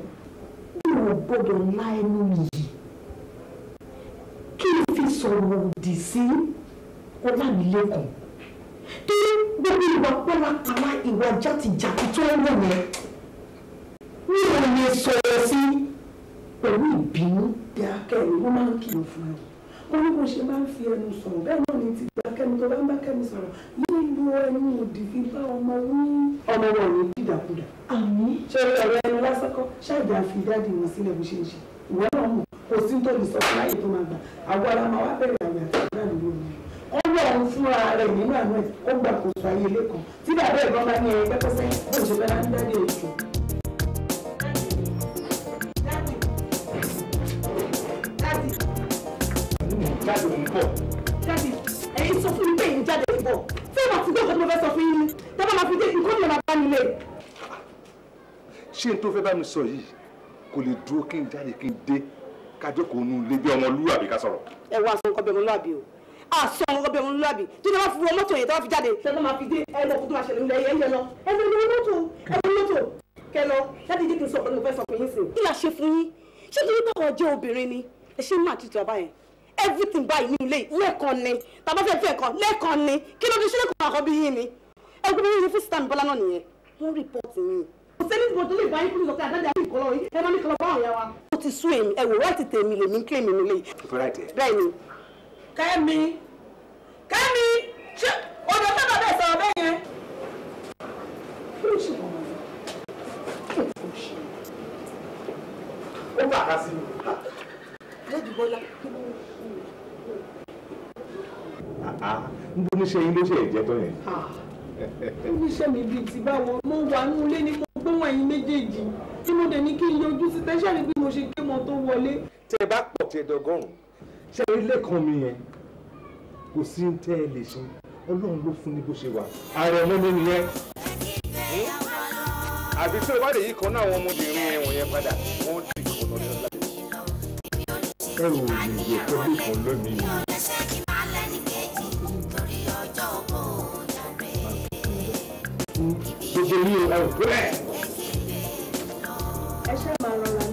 ò gbọ́dọ̀ la ẹnu yìí kí n fi sọ̀rọ̀ òdì sí Ọlámilékan tí gbogbo ìwà pálapàla ìwà játijàti tó ń wọ̀ yẹn mi ò lè sọ̀rọ̀ sí pẹ̀lú ìbínú. dákẹ́ ìwọ máa ń kìlọ̀ fún ẹ ó ní bó ṣe máa ń fi ẹnu sọ̀rọ̀ bẹ́ẹ̀ náà ní ti gbà kẹ́mi tó bá ń bá kẹ́mi sọ̀rọ̀ yíyí lo ẹnu òdì fi bá ọmọ wí. ọmọ wọn ni dìdàkudà ṣé ọ̀rẹ́ ẹni lásán kọ́ ṣáàjì àfi dáàdì wọn sílẹ̀ bó ṣe ń ṣe ìwọ náà mọ̀ kò sí tó lè sọ fún láyé tó máa gbà àwọn ará máa wá bẹ̀rẹ̀ àwẹ̀ àti àdúrà lórí omi ọlọ́run fúnra rẹ̀ nínú àná ẹ̀ ó gbàkóso ayé ilé kan tí bàbá ìbọn bá ní ẹgbẹ́ pẹ́sẹ́ bó ṣe fẹ́ láńdá ní ètò. jáde ń bọ̀. jáde ẹ̀yin sọ fún mi pé èyí jáde ń bọ̀ fẹ́ẹ̀ máa ti gbọ́ ọ̀gá tí mo fẹ́ sọ fún yín ni tọ́ba máa fi dé nǹkan mìíràn bá nílé ṣé n tó fẹ́ bá mi sọ yìí kò lè dúró kí n jáde kí n dé kájókòó nu lé bí ọmọlúwàbí ká sọ̀rọ̀. ẹ wá sọ nǹkan bí ọmọlúwàbí o àṣọ nǹkan bí ọmọlúwàbí tó ní wọn fi wọ mọ́tò yẹn tó wọn fi jáde lọ́dọ̀ máa fi dé ẹ mọ̀ fún tó máa ṣẹlẹ̀ nílẹ̀ yẹn lọ ẹ fẹ́ mọ́tò ẹ fẹ́ mọ́tò kẹ lọ láti jẹ́ kí n sọ mo fẹ́ sọ fún yín sí. kí la ṣe fún yín ṣé kí nípa ọjọ́ obìnrin ni ẹ ṣe máa tutù àbá yẹn everything báyìí ní ilé lẹ́ẹ̀kan ni tàbá fẹ́ fẹ́ kan lẹ́ẹ̀kan ni kí ló fi ṣílẹ̀kùn àkọ́bí yín ni ẹgbẹ́ mi ní fún sítámì bọ́lá náà nìyẹn wọ́n rìpọ́ọ̀tì yín sẹ́ni gbogbo tó lè bá yín kúrò sọ́tẹ́ àdáde àbí ìkọlọ yìí ẹ máa ní kọlọ bá àwọn ìyá wa. ó ti sún èmi ẹ̀wò ráìtì tèmi lèmi kí èmi nílé. bẹ́ẹ̀ ni. kẹ́mi kẹ́mi ṣé ọ̀dọ̀ tó bàbá ẹ̀ sọ̀rọ̀ bẹ́ẹ̀ yẹn. ó bàbá sí mi. lẹ́jù bọ́lá n bó níṣẹ́ yín ló ṣe ẹ̀jẹ̀ tó yẹn. Ah, níṣẹ́ mi bíi ti báwo mo wà ní ilé ní mo gbóhùn ẹ̀yin méjèèjì tí mo dẹ̀ ní kí n yọjú sí tẹ́ṣẹ́ rí bí mo ṣe ké mọ tó wọlé. tẹ bá pọ̀ tí ẹ dọgọ́rùn-ún ṣe rí lẹ́kàn mi yẹn kò sí ń tẹ́ ẹ lè ṣe ọlọ́run ló fún ní bó ṣe wà. ààrẹ ọmọ mi nìyẹn. àbí tí o bá lè yí kan náà àwọn ọmọbìnrin ẹ̀wọ̀n yẹn padà wọ́n dì kan lọ́dọ̀ láti. ẹ Gbogbo mi ò rẹ̀ spiral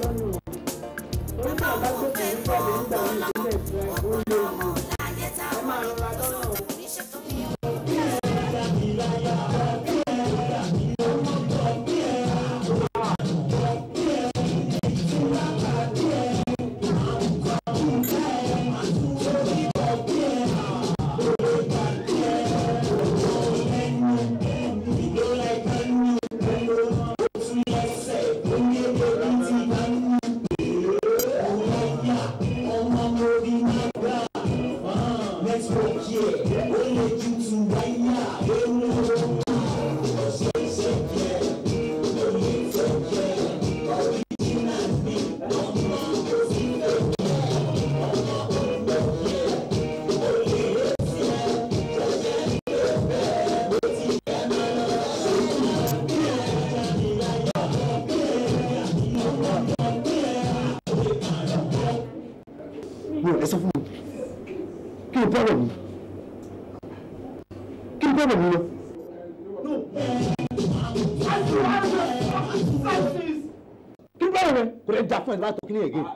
never talking again.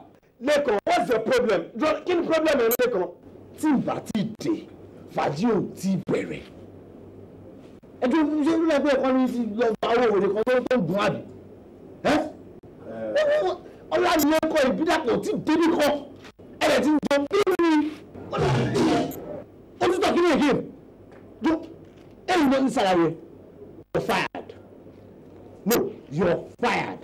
lẹ́kàn what's the problem kí ni problem ẹ̀ lẹ́kàn tí ìgbà tí ì dé fàájì ò tí ì bẹ̀rẹ̀ ẹjọ́ ṣé ń lẹ́gbẹ́ ẹ̀kọ́ ní ti lọ àwọn òwèrè kan tó ń gun àbí ọlá ni ó kọ ìbídàpọ̀ tí débí kan ẹ̀rẹ̀ ti ń jọ bíbí ó tún tọ̀ kí ni èké jọ ẹ̀rù náà ń ṣàlàyé you're fired no you're fired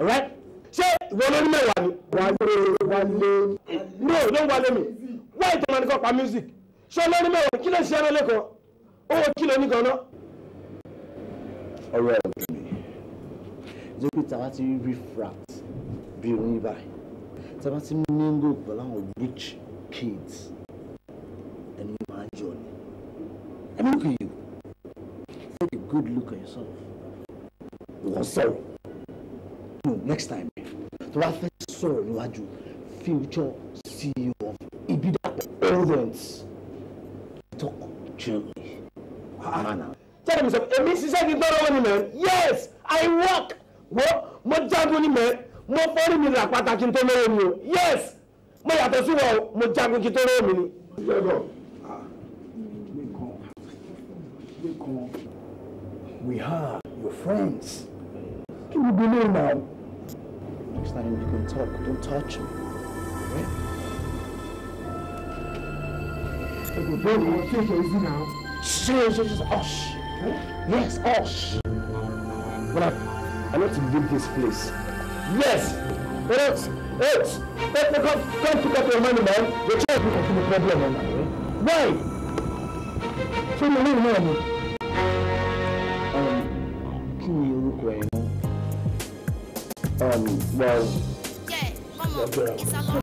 all right ṣé ìwọ ló ní mẹ́wàá ni. wálé wálé. no don't wálé mi why tó máa ní kọ́ pa music ṣé ló ní mẹ́wàá kí ló ṣe ẹran lẹ́kọ̀ọ́ owó kí ló ní gan-an. ọ̀rọ̀ ẹ̀ ló ní jẹ́pẹ̀tà wá ti rí refract bí oyin báyìí tí a bá ti mingo pẹ̀lú rich kids ẹni máa jọ ni I mean look at you take a good look at yourself wọ́n sọ̀rọ̀ do next time tó bá fẹ́ sọ̀rọ̀ níwájú future CEO of Ibidapo Holdings talk gently. tẹ́lẹ̀ mi sọ èmi ṣiṣẹ́ ní gbọ́dọ̀ wọ́n ni yes I work wọ́n mo jagun ni mẹ́ mo fọ́rí mi like what tó lóore mi me? yes mo yàtọ̀ sí wọn mo jagun kí tó lóore mi ni. Ah, We have your friends. you be know now. Next time you can talk, don't touch him. Okay? Okay, baby, you're Yes, hush. But I, need to leave this place. Yes! But it's, it's, let me come, come pick up your money, man. The child will continue the problem, man. Why? So me a little Um, kí ni orúkọ ẹ? um, well. Get out!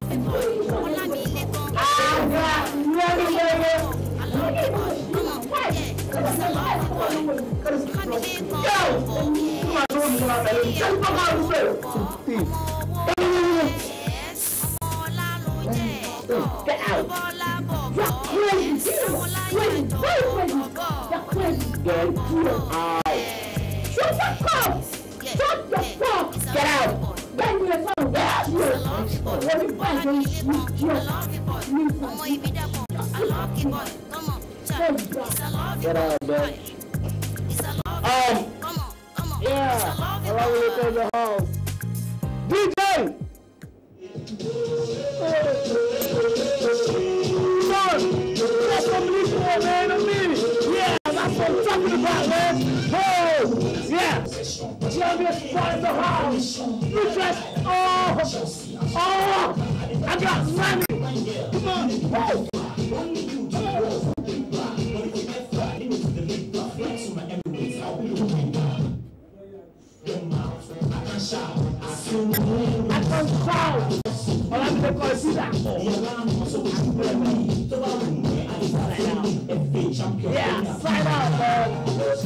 You're crazy! You're crazy! You're crazy! Get out! Shut the cops! Get out. Bang your phone. Get out here. Everybody, you just. Get out, man. Um, yeah, I love you in the house. DJ! Son, that's what I'm listening, man, a minute. Yeah, that's what I'm talking about, man. Hey! yes. Julius was the house. oh, oh, I got money. Come on. Woo. I can shout. shout. I'm going to see that. Yeah, sign up, man.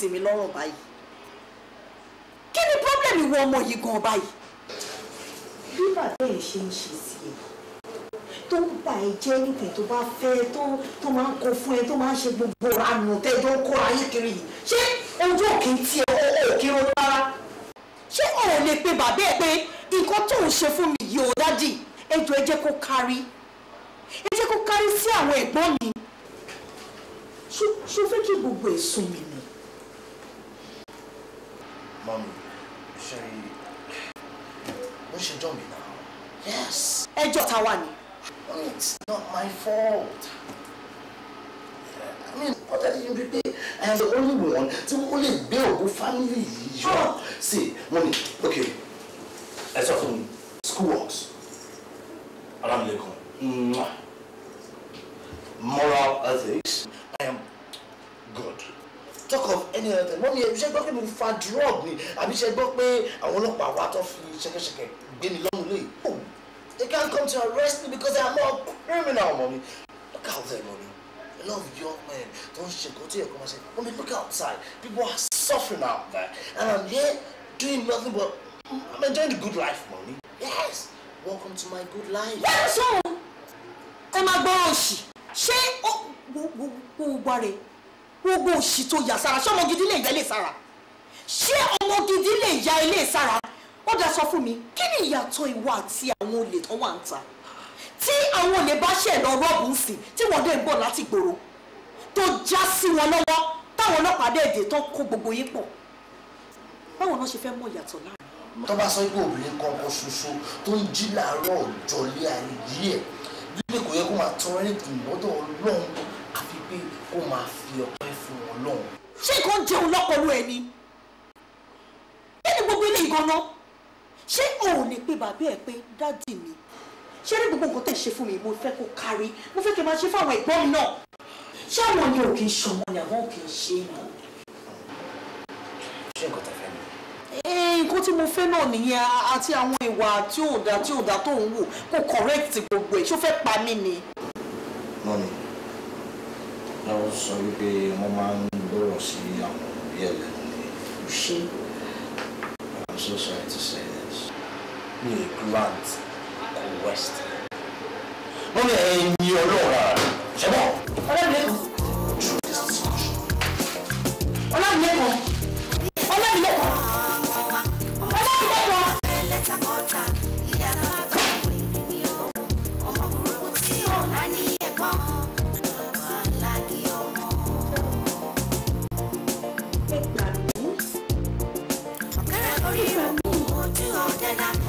sí mi lọ́rùn báyìí kí ni pọ́blẹ́mì wọ ọmọ yìí gan báyìí. bí bàbá ẹ̀ ṣe ń ṣe sí ẹ tó ń bà ẹ jẹ́ nìkan tó bá fẹ́ tó máa ń kó fún ẹ tó máa ń ṣe gbogbo àánú tẹ́jọ́ ń kó ayé kiri yìí ṣé ojú òkè ń tiẹ̀ òkè ronú rárá ṣé ò lè pe bàbá ẹ pé nǹkan tó ń ṣe fún mi yìí ò dádì ẹ jọ̀ọ́ ẹ jẹ́ kó kárí ẹ jẹ́ kó kárí sí àwọn ẹ̀gbọ́n mi ṣó Mommy, Sherry, don't she jump me now? Yes. Ẹjọ́ ta wà ní. Mommy, it's not my fault. I mean, what I didn't prepare, I am the only one tí mo lè gbé ògùn family yìí ah. See, Mommy, okay, Let's sọ fún mi, school moral ethics, I am good talk of any other thing wọ́n mi ṣe gbọ́ pé mo fa drug ni àbí ṣe gbọ́ pé àwọn ọlọ́pàá wa tó fi ṣẹkẹṣẹkẹ gbé mi lọ́rùn lóye oh they can't come to arrest me because I am not a criminal mọ̀mí look out there mọ̀mí a lot of young men tó ń ṣe kótó ẹ̀kọ́ máa ṣe mọ̀mí look outside people are suffering out there and I'm here doing nothing but I'm enjoying the good life mọ̀mí yes welcome to my good life. wọ́n sọ̀rọ̀ ẹ máa gbọ́ òṣì ṣé ó gbogbo gbogbo gbogbo rẹ̀ gbogbo òṣì tó yà sára ṣé ọmọ gidi lè yà ilé sára ṣé ọmọ gidi lè yà ilé sára ó dá sọ fún mi kí ni ìyàtọ̀ ìwọ àti àwọn olè tó wà ń ta tí àwọn olè bá ṣẹ̀ lọ rọ́ọ̀bù ń sìn tí wọ́n dé ń bọ̀ láti gbòòrò tó já sí wọn lọ́wọ́ táwọn ọlọ́pàá dé èdè tó kó gbogbo yín pọ̀ báwo náà ṣe fẹ́ mọ ìyàtọ̀ láàrin tó bá sọ pé obìnrin kan kan ṣoṣo tó ń jí làárọ̀ ọjọ́ lé ayé yìí ẹ̀ lílé kò yẹ kó máa tọrọ ní pé kó máa fi ọpẹ́ fún wọn lọ́hùn. ṣé kò ń jẹun lọ́pọ̀lọ́ ẹni nínú gbogbo ilé ìgànná ṣé òun ni pé bàbá ẹ pé dádì mi ṣé ní gbogbo nǹkan tẹ̀ ṣe fún mi mo fẹ́ kó kárí mo fẹ́ kí n máa ṣe fáwọn ẹ̀gbọ́n mi náà ṣé àwọn ni ò kì í ṣọmọ ni àwọn ò kì í ṣe mọ́. ṣé nǹkan tẹ fẹ́ mi. nǹkan tí mo fẹ́ náà nìyẹn àti àwọn ìwà tí ò dá tí ò dá tó ń wò kò correct gbogbo ẹ̀ ṣó fẹ́ pa mí ni. mọ́mi lọ sọ wípé wọ́n máa ń gbọ́rọ̀ sí àwọn òbí ẹ̀ lẹ́nu ni. ṣé. I'm so sorry grant kò west. wọ́n ní ẹ̀yin ọlọ́run.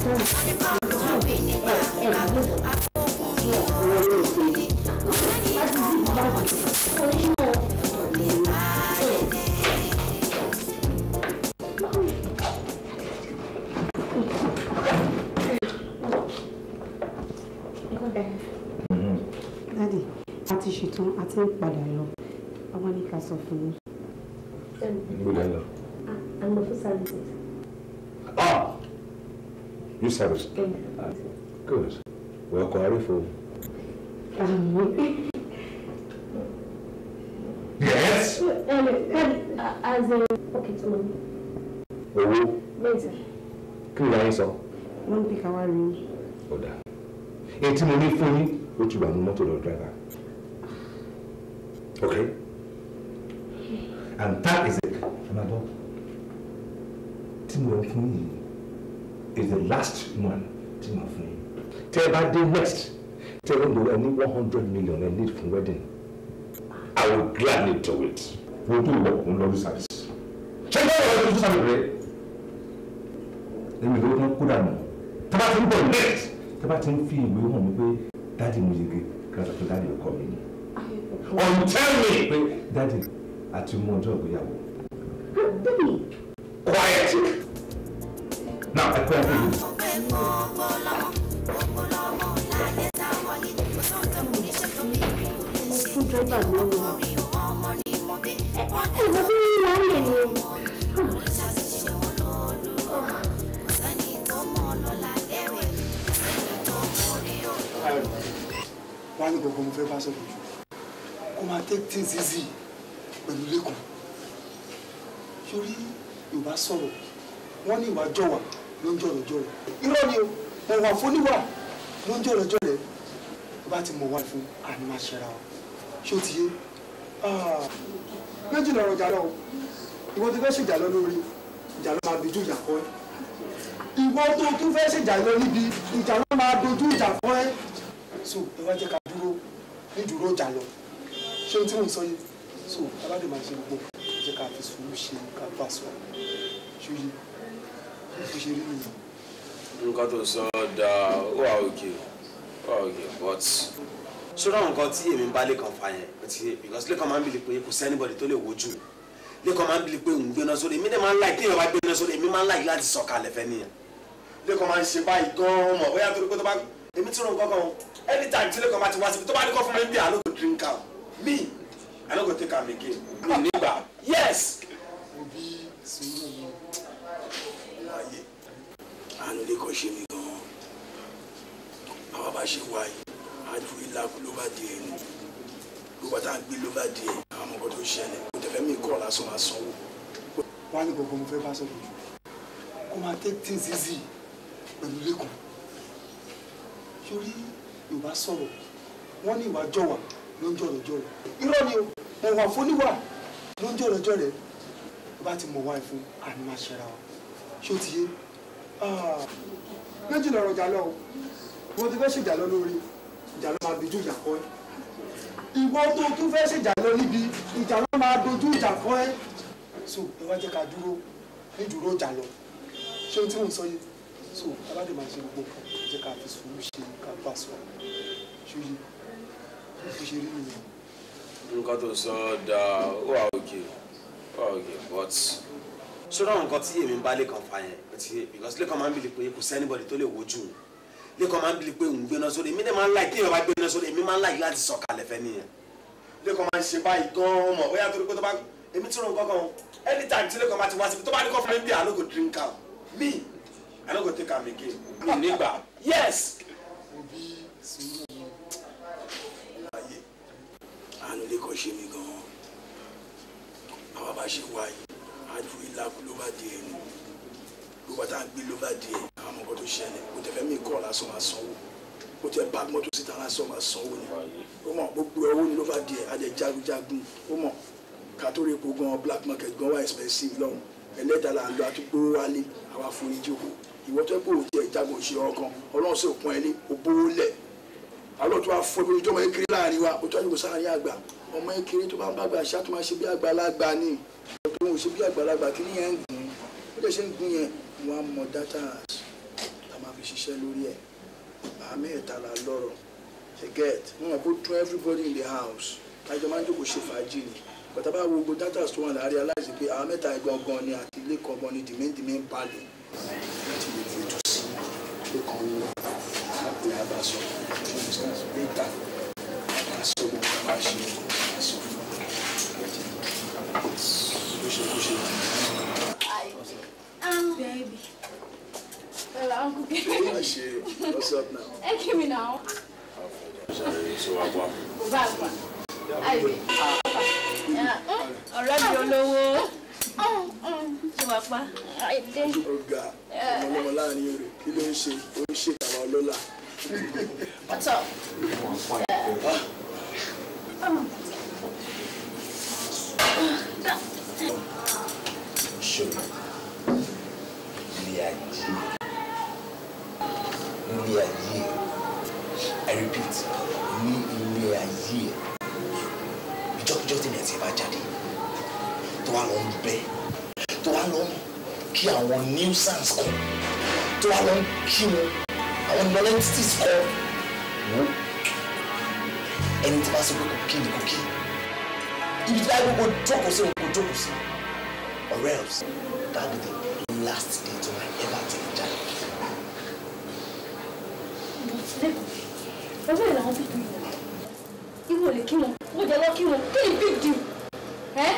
ti ń padà lọ ọmọ ní ká sọ fún yín. ìgbọ́dọ̀ lọ. àgbọ̀fúsà ni kò sí. You service? Mm. good. Well, Kwari for. Um, yes? Um, um uh, as in, okay, so. Owó? Bẹ́ẹ̀ni. Kí ni láyé sọ? Wọ́n bí ká wá rí i. Ọ̀dà. Èyí tí mo ní fún yín, driver. Okay? And that is it. Àmàbọ̀, tí is the last man to màá fún Tell tẹ́ ẹ next Tell ẹ lọ́dọ̀ ẹ 100 million I need for wedding I will gladly do it mo dún ìwọ kò ń lọ research ṣé báwo ló ń tún sábẹ̀ rẹ̀ èmi ló ń kó dànù tẹ́ bá ti ń bọ̀ next tẹ́ bá ti ń fi ìwé hàn mi pé dáàdi mo yege kàtà pé dáàdi ọkọ mi ni ọ̀n tẹ́ mi pé dáàdi àti mú ọjọ́ ìgbéyàwó ẹ̀kọ́ ẹ̀kọ́ yìí. fún dọ́gba mi ni ẹ̀kọ́ wọ́n ní. take things easy pẹ̀lú lẹ́kọ̀ọ́ sórí yorùbá sọ̀rọ̀ wọ́n ní ìwà jọ̀wà ló ń jọ̀rọ̀ jọ̀rọ̀ irọ́ ni o mo wà fóníwà ló ń jọ̀rọ̀ jọ̀rọ̀ tó bá ti mọ̀ wá fún àmì máa ṣẹra o ṣé o ti yé ah, méjì lọ̀rọ̀ jà lọ ìwọ tó fẹ́ ṣèjà lọ lórí ìjà lọ máa dojú ìjà kọ ẹ ìwọ tó tún fẹ́ ṣèjà lọ níbi ìjà máa dojú ìjà kọ ẹ so ẹ wá jẹ́ ká dúró ní dúró jà ṣé o tí mò ń sọ yìí so alájọ máa ṣe gbogbo jẹ́ ká fi sùúrù ṣe ká bá sọ ṣó yìí nǹkan tó sọ dáa ó wà òkè wà òkè but. sọ́dọ̀ nǹkan tí èmi ń bá lẹ́kàn fà yẹn because lẹ́kàn máa ń bìlì pé kò sí anybody tó lè wojú lẹ́kàn máa ń bìlì pé òun gbéná sórí èmi náà máa ń láì téèyàn bá gbéná sórí èmi máa ń láì láti sọ̀kalẹ̀ fẹ́ nìyẹn lẹ́kàn máa ń ṣe báyìí gan-an mọ̀ bóyá torí pé tó bá èmi tí ò ń kọ́ kan anytime tí lẹ́kàn bá ti wá síbi tó bá ní kọ́ fún mi bí i i no drink am me i no go take am again. nígbà yes àánú lè kọ́ ṣe mí gan-an àwọn bá ṣe wáyé àdúgbò ìlàkù ló bá di ẹnu ló bá tá à ń gbé ló bá di ẹ àwọn ọmọ kan tó ṣẹlẹ̀ kò tẹ̀fẹ́ mi kọ́ lásán máa sanwó. wá ní gbogbo mo fẹ́ bá sọ̀rọ̀ jù kó máa tẹ́ tí ń zizi pẹ̀lú lẹ́kùn sórí yorùbá sọ̀rọ̀ wọ́n ní ìwà jọ̀wà ló ń jọ̀rọ̀ jọ̀rọ̀ irọ́ ni o mo wà fún níwà ló ń jọ̀rọ̀ jọ̀rẹ̀ bá ti mọ̀ wáyé fún àmì máa ṣẹra wa ṣé ó ti yé Ah. méjì lọ̀rọ̀ jà lọ o mo ti fẹ́ ṣèjà lọ lórí ìjà lọ máa dojú ìjà kọ ẹ ìwọ tó tún fẹ́ ṣèjà lọ níbi ìjà lọ máa dojú ìjà kọ ẹ so ẹ wá jẹ́ ká dúró ní dúró jà lọ ṣé o tí mò ń sọ yìí so aládé máa ṣe gbogbo jẹ́ ká fi sùúrù ṣe ká bá sọ ṣé yìí bó ṣe rí nìyẹn. nǹkan tó sọ dáa ó wà òkè ó wà òkè but sọ́dọ̀ àwọn nǹkan tí èmi ń bá lẹ́kàn fa yẹn ti because lẹ́kàn máa ń bìlì pé kò sí anybody tó lè wojú òun lẹ́kàn máa ń bìlì pé òun gbéná sórí èmi dẹ̀ máa ń láì téèyàn bá gbéná sórí èmi máa ń láì láti sọ̀kalẹ̀ fẹ́ nìyẹn lẹ́kàn máa ń ṣe báyìí gan-an mọ̀ bóyá torí pé tó bá èmi tí òun kankan anytime tí lẹ́kàn máa ti wá síbi tó bá ní kọ́ fún mi bí i I go drink am me I no go take am again mi yes. bá ṣe wáyé àdúgbò ìlàkùn ló bá di ẹnu ló bá tá a gbé ló bá di ẹ àwọn ọmọ tó ṣẹlẹ̀ kò tẹ fẹ́ mi kọ́ lásán máa sanwó kò tẹ bá mọ́tò síta lásán máa sanwó ni ó mọ̀ gbogbo ẹ̀wọ́ ni ló bá di ẹ ajẹ́ jagunjagun ó mọ̀ kàtórí epo gan black market gan wà expensive lọ́hùn ẹlẹ́dàá là ń lo àtúgbò wálé àwa foríjì òkú ìwọ́n tó bò jẹ́ ìjagun òṣèré ọkàn ọlọ́run sì pọ́n ẹlé òbó lẹ̀ àwọn tó wá fọ́ ibi tó máa ń kiri láàrin wa ó tọ́jú kò sáárín àgbà ọmọ yẹn kiri tó bá ń bá àgbà ṣáà tó máa ṣe bí àgbàlagbà ṣe bí àgbàlagbà kí nìyẹn ń gùn ó ṣe ń gùn yẹn wọn á mọ dátà tá máa fi ṣiṣẹ́ lórí ẹ̀ àmì ẹ̀ta la lọ́rọ̀ ṣe get wọn kò tún everybody in the house lájọ máa ń jókòó ṣe fàájì ni bàtà bá gbogbo dátà tó wà láàrin aláìsí pé àwọn mẹ́ta gangan ni àti ilé kangan ni dìmíndìmí ń balẹ̀ láti lè fi ètò sí ilé kan ní àpò àbàṣọ bẹ́tà àbàṣọ àbàṣọ àbàṣọ Um, Baby. Hello, Uncle Kevin. Oh, shit. What's up now? Hey, give me now. So, I'm going to go. Ivy. Ọ̀rẹ́ Oh, olówó. Ṣé wàá pa? Ọ̀gá ọmọlọ́mọ láàrin rẹ̀ kí ló ń ṣe? Ó ń ṣe àwọn ọlọ́lá. Ọ̀tọ̀. Ṣé o? ayé ilé ayé I repeat ní ilé ayé ìjọkíjọ tí mi àti ẹ bá jáde tó wà lọ ń bẹ tó wà lọ ń kí àwọn nuisance kan tó wà lọ ń kí wọn àwọn nonentities kan wò ẹni tí bá sọ pé kò kí ni kò kí ibi tí gbogbo jókòó sí òun kò jókòó sí or else that be the last day to my lẹ́kọ̀ọ́ ọwọ́ ẹ̀ làwọn bíbí yìí náà ìwọ lè kí wọn ó jẹ́ lọ kí wọn kí ni big deal ẹ́.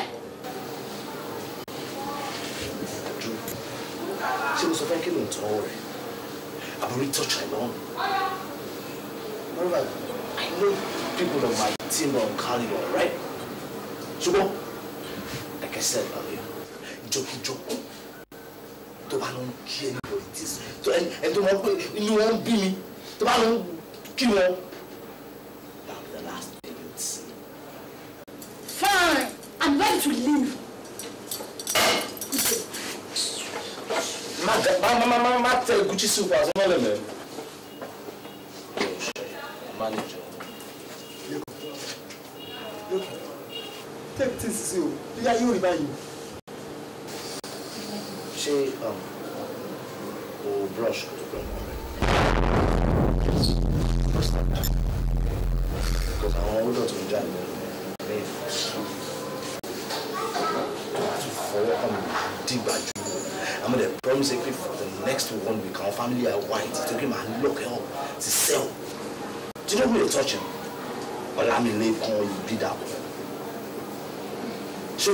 ṣé mo sọ fẹ́ kí ló ń tọ́ rẹ̀ àbúrò ìtọ́jú ẹ̀ lọ́wọ́ Moreover, I know people of my team are caliber, right? ṣùgbọ́n like I said earlier jọkújọkú tó bá lọ ń kí ẹni lórí tí tó ẹni tó máa ń pè inú wọn bí mi tó bá lọ ń kí wọn. fine i'm ready to leave. má má má má tẹ Gucci soup àti mọ́lẹ̀mẹ́. manager. take this sí o bíyá yóò rí báyìí. ṣé um, o brush kò tó pẹ́ mọ́ this Because I want to go to ní I'm ìfọwọ́sí fọwọ́ promise you for the next one week our family are white tó kí màá lock ẹ̀ up ti sell tí ló ń lè touch him Ọlámilékan Olùbídàpọ̀ ṣé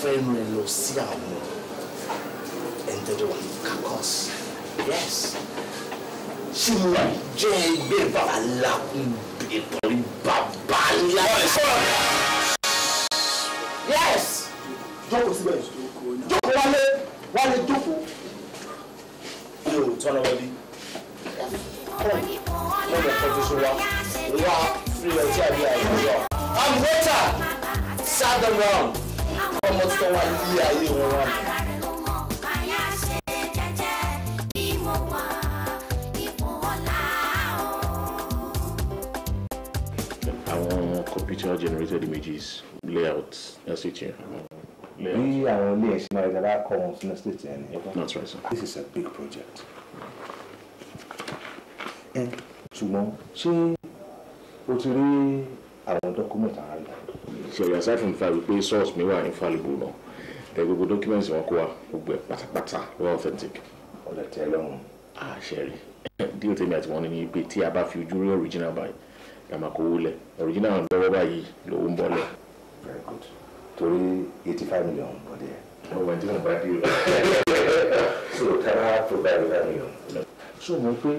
fẹ́ẹ́nu ẹ lọ sí àwọn ẹ̀ńtẹ́jọ́ wà one. Kakos. yes sílẹ̀ jẹ́ ẹgbẹ́ bàbá lakun ìtọ́rí bàbá lakun. yes jókòó síbẹ̀ jókòó wálé wálé jókòó. mi ò tọ́nà wọlé wọ́n lè tọ́jú sí wa wá fílẹ̀ tí a bí àìsàn yọ. i'm waiter sad ọmọ tí wọ́n wá yí ayé wọn wá. generated images layouts that's it here. bí àwọn ilé ẹ̀sìn máa dára kọ state that's right sir. this is a big project. ṣùgbọ́n ṣé o ti rí document àárín. aside from the fact wípé source mi wà infallible náà ẹ gbogbo documents wọn authentic. ọ̀dọ̀ tẹ́ lọ́rùn. àṣẹ ah, rí díẹ̀ tèmi àti wọn ni pé tí a bá fi ojú rí original báyìí yàmàkówó original àwọn lọ́wọ́ báyìí lówó ń bọ̀ lẹ̀. very good torí eighty five million bọ̀dẹ̀. ọmọ ẹni tí wọn bá dé o. so tara provide five million. so mo pé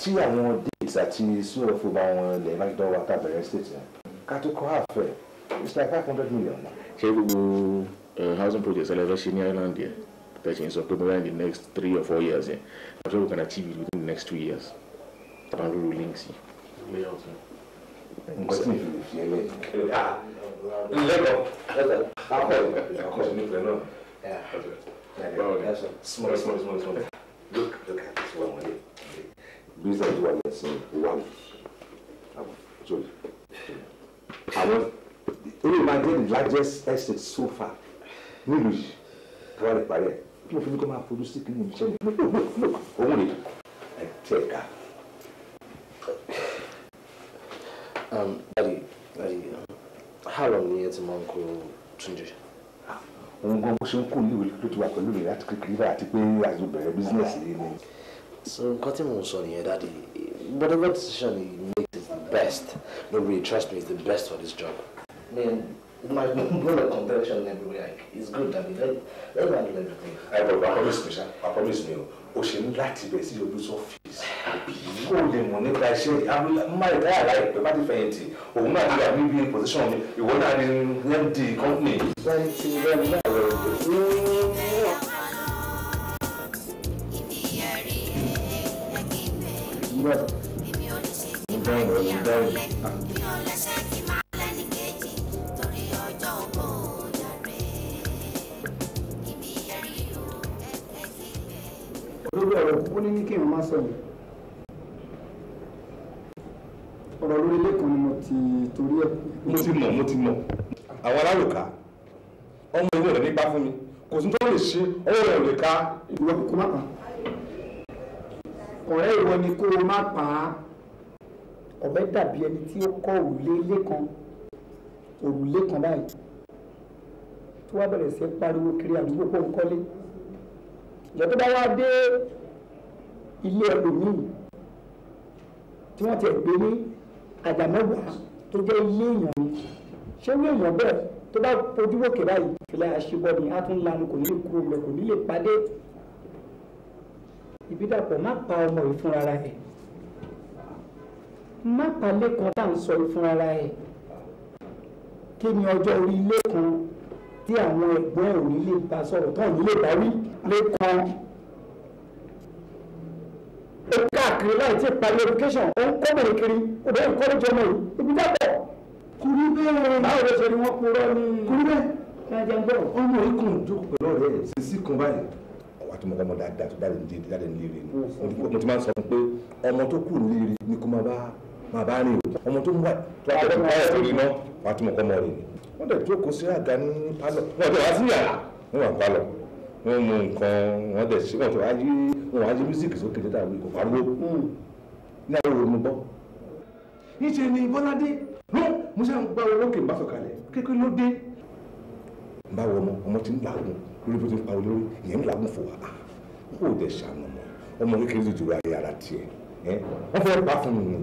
tí àwọn dates àti sóò fún bá wọn lẹ̀ máa dán wa ká bẹ̀rẹ̀ state yẹn ká tó kọ́ àfẹ́ it's like five hundred million. ṣé gbogbo housing project, ẹlẹ́fẹ́ ṣe ní island yẹn that is in October in the next three or four years. Yeah. That's what we can achieve it within the next two years. Around links. Yeah nǹkan tí mi fi lè fi ẹlẹ́ yìí. lẹ́kọ̀ọ́ akọ̀ akọ̀ sí nípìnlẹ̀ náà báwo ni small small small small look look at this one wọlé gbèsè àti wà lẹ́sìn wà wù jòlè. àwọn eré máa jẹ́ the largest estate so far nílùú yìí káwá lè parí ẹ̀ kí mo fi ní kó máa fojú sí kí ni ìṣẹ́ mi òun rè é ẹ̀ka. Um, Daddy, Daddy, um, how long ni ẹ ti máa ń kó Túnjí? Òun gan bó ṣe ń kó ìlú ìlú tó ti wà pẹ̀lú mi láti kékeré àti pé àjọ bẹ̀rẹ̀ So nǹkan tí mò ń sọ nìyẹn Daddy, whatever decision he makes is the best. No really trust me, it's the best for this job. Man, my blood of compassion everywhere. It's good, Daddy. Let, me handle everything. I promise, I I promise you o ṣe ní láti bẹ̀rẹ̀ sí ojú sọ́fíìsì àbí lè mọ̀ nípa iṣẹ́ yìí má bá ti fẹ̀yìntì òun náà nígbà níbi pòsíṣàn mi ìwọ náà ní md company. báyìí ti bẹ́ẹ̀ máa sọ̀rọ̀ ọ̀rọ̀ lórí lẹ́kọ̀ọ́ ni mo ti torí ẹ̀. mo ti mọ̀ mo ti mọ̀ àwọn alálùká ọmọ ìwé rẹ̀ nígbà fún mi kò sí tó lè ṣe ọwọ́ rẹ̀ ò lè ká. ìwọ kò má pa ọ̀rẹ́ ìwọ ni kó o má pa á ọ̀bẹ dàbí ẹni tí ó kọ́ òrùlé ilé òrùlé kan báyìí tó wá bẹ̀rẹ̀ sí pariwo kiri àdúgbò pọ̀ ń kọ́lé ìjọ tó dé ilé ẹlòmíì tí wọ́n ti gbé ní àjàmẹ́wàá tó jẹ́ ilé èèyàn ni ṣé ilé èèyàn bẹ́ẹ̀ tó bá fojú òkè báyìí ìfìlẹ̀ àṣebọ̀dì á tún lanu kò ní lè kúrò lọ kò ní lè padé ìbí dàpọ̀ má pa ọmọ yìí fún ara ẹ̀ má pa lẹ́kan tá à ń sọ yìí fún ara ẹ̀ kí ni ọjọ́ orí lẹ́kan tí àwọn ẹ̀gbọ́n ẹ̀ ò ní lè bá sọ̀rọ̀ tó ò ní bá wí lẹ́kan ó káàkiri láì tí ì parí education ó ń kọ́ mẹ́rin kiri ó bẹ́ẹ̀ ń kọ́ lójú ọmọ yìí ibi dábọ̀. kuru bẹ́ẹ̀ báwo ló ṣe ni wọ́n purọ́ ni. kuru bẹ́ẹ̀ kájà ń bọ̀. ọmọ yìí kùn jókòó pẹ̀lú ọ̀rẹ́ rẹ̀ sísí kan báyìí. àwọn àti ọmọ dáadáa tó dáre ní dáre ní rere ni mo ti máa ń sọ pé ọmọ tó kù ní rere ni kó máa bá máa bá rìn o ọmọ tó ń wà tó wà tó ń wáyà tó rí iná wà á tún ni. wọ́n dẹ̀ jókòó sí àga ní pálọ̀ wọ́n dẹ̀ wá sí yàrá wọ́n wà pálọ̀ wọ́n mú nǹkan wọ́n dẹ̀ ṣe wọ́n tó wáyé wọ́n wáyé mísíkì sókè tó dàbí kò pariwo hmm. ní àwọn òun bọ́. níṣẹ́ ni bọ́ládé ló mo ṣe ń gbá owó lókè bá sọ̀kalẹ̀ kékeré ló dé. n bá wọ ọmọ ọmọ tí ń làágùn lórí bó ti ń pa olórí ìyẹn ń làágùn fò wá kó o dẹ̀ ṣàánú mọ́ ọmọ kékeré tó jùlọ ayé ara tiẹ̀ wọ́n fẹ́ bá fún mi ni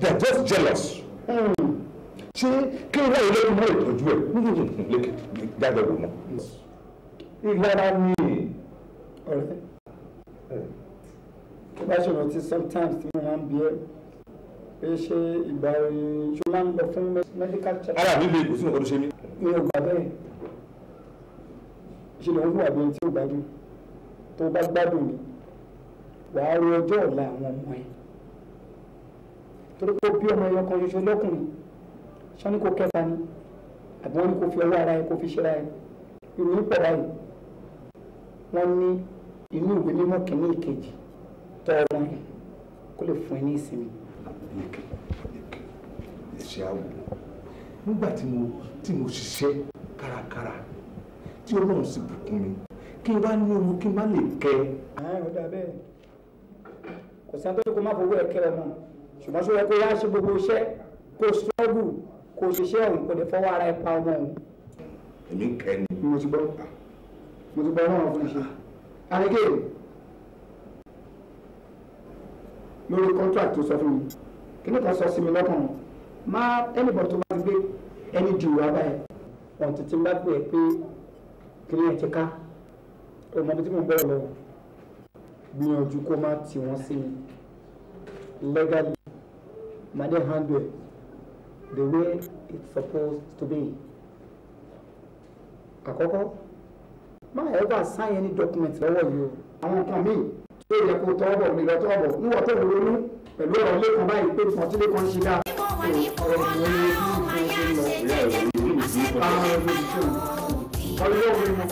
they are just jealous. Hmm. ṣé kí n wá ilé ìwé ìtọ́jú ẹ̀ lókè dábẹ́ wò náà ìgbára ni ọ̀rẹ́ tó bá ṣòro tí sometimes tí mo máa ń bí ẹ pé ṣé ìgbà oyin ṣó máa ń lọ fún medical check. ara mi lè kò sí nǹkan tó ṣe mí. mi ò gbà bẹ́ẹ̀ ṣe lè wúwà bí ẹni tí ò gbádùn tó bá gbádùn mi wàá rí ọjọ́ ọ̀la àwọn ọmọ ẹ̀ torí pé ó bí ọmọ ẹyọ kan ṣoṣo lọ́kùnrin ṣáníkó kẹta ni àbí wọ́n ní kó fi ọwọ́ ara ẹ kó fi ṣe ara ẹ ìròyìn pọ̀ báyìí wọ́n ní inú ìwé mímọ́ kìíní ìkejì tọ́ ọmọ yẹn kó lè fún ẹ ní ìsinmi. yèké yèké ẹsẹ awo nígbà tí mo tí mo ṣiṣẹ́ kárakára tí Ọlọ́run sì bùkún mi kí n bá ní ọmọ kí n bá lè kẹ. àárọ̀ dà bẹ́ẹ̀ kò sí àtọ́jú kó má fowó ẹ̀ kẹ́ ọmọ ṣùgbọ́n ṣó yẹ kó wá ṣe gbogbo iṣẹ́ kó sọ́ọ̀bù kó ṣiṣẹ́ òun kò lè fọwọ́ ara ẹ̀ pa ọmọ òun. èmi ń kẹ́ ni. mo ti gbọ́ mo again, no contract tó sọ fún mi kíní kan sọ sí mi lọ́kàn má ẹnìbọ̀ tó bá ti gbé ẹni jù wá We ọ̀n títí bá gbé ẹ pé kíní ẹ̀ ti ká ọmọ bí tí mo bẹ̀rẹ̀ lọ gbìyànjú kó má legally my dey handle the way it's supposed to be Okay? má ever sign any document lọ́wọ́ yìí o àwọn kan míì tó yẹ kó tọwọ́ bọ̀ mi lọ tọwọ́ bọ̀ níwọ̀ tó ronú pẹ̀lú ọ̀rọ̀ lẹ́kàn báyìí pé mọ̀tílé kan ṣe dáa. ọ̀rọ̀ ìwé ni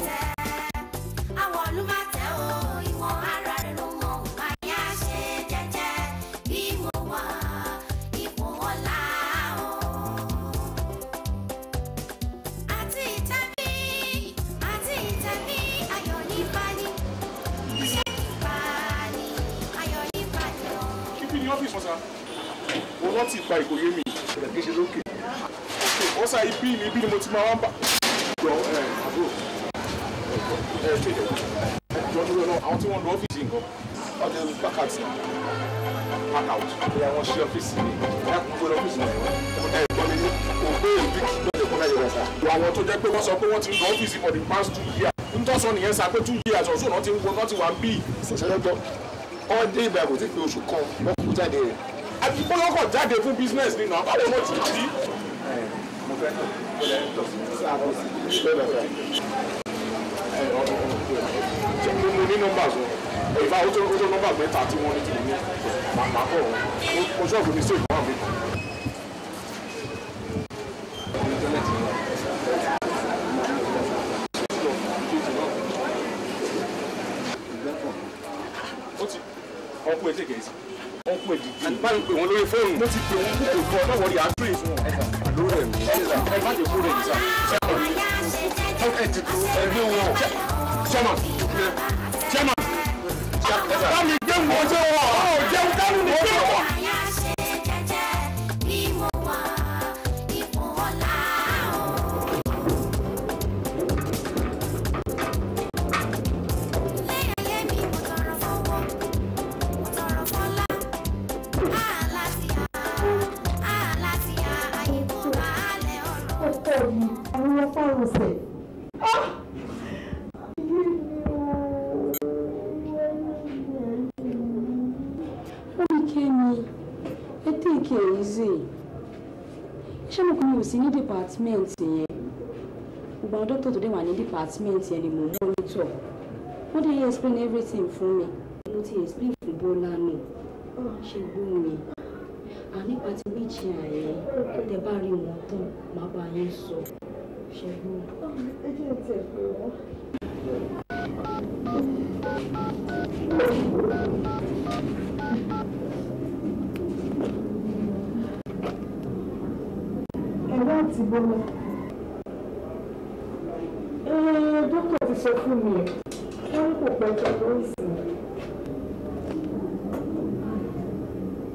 wọ́n ti pa ìkòyé mi ìṣẹ̀lẹ̀ kí n ṣe lókè wọ́n sá ibi ni ibi ni mo ti máa wá ń bà jọ ẹ àbúrò ẹ ṣe jọ dúró náà àwọn tí wọ́n lọ ọ́fíìsì nǹkan wọ́n ti wákàtí pack out ẹ̀yà wọn ṣe ọ́fíìsì ni ẹ̀yà kún gbọ́dọ̀ ọ́fíìsì náà ẹ̀ gbọ́ mi ní ògbé ìbí lọ́dẹ̀ kún láyọ̀ ẹ̀sà àwọn tó jẹ́ pé wọ́n sọ pé wọ́n ti lọ ọ́fíìsì for the past two years ń tọ́sọ nìyẹn sa pé two years ọ̀ṣun náà ti ń wọ́n ti wà ń bí ìṣẹ̀ṣẹ̀ lọ́jọ́ ọ́ dé ìgbà kò tí ì pé oṣù kan wọ́n kú jáde rẹ̀ àbí kọ́lọ́kọ̀ jáde fún business nínú àbáwọ̀ náà ti di. mo fẹ́ lọ sí sáà ní nọ́mbà sọ ìfà ó tó nọ́mbà mẹ́ta tí wọ́n ní kì í ní màá bọ̀ wọ́n mo ṣọ́ọ̀bù mi sí ìgbà mi. ń pè wọ́n lórí fóònù. mo ti pè wọ́n kókò kọ́ náà wọ́n rí àdúrà ìfún wọn. lórí ẹ̀mí ẹ má lè kúrò ìsà. ẹ ti tu ẹbí wọn. chairman chairman bá mi gbé wọn wọn. department yẹn gbogbo àwọn doctor tó dé wà ní department yẹn ni mo monitor wọ́n dẹ̀ explain everything fún mi mo ti explain fún Bọ́lá náà ó ṣe gbọ́ mi à nípa ti méjì àyè tẹ bá rí wọn tán màá bá yín sọ ṣe gbọ́. ẹ jẹ́ ìtẹ̀ gbóná. Eh, dókítà ti sọ fún mi ẹ̀ wọ́n kò pẹ́ tó tó ń sìn.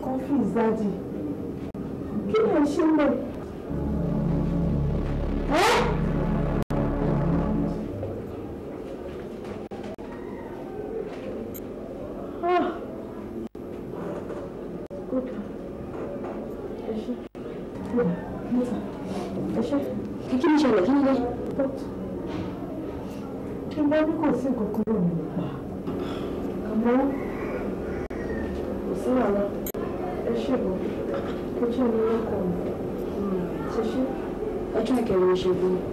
kọ́fí ìzájì kí ló ń ṣe mẹ́rin. que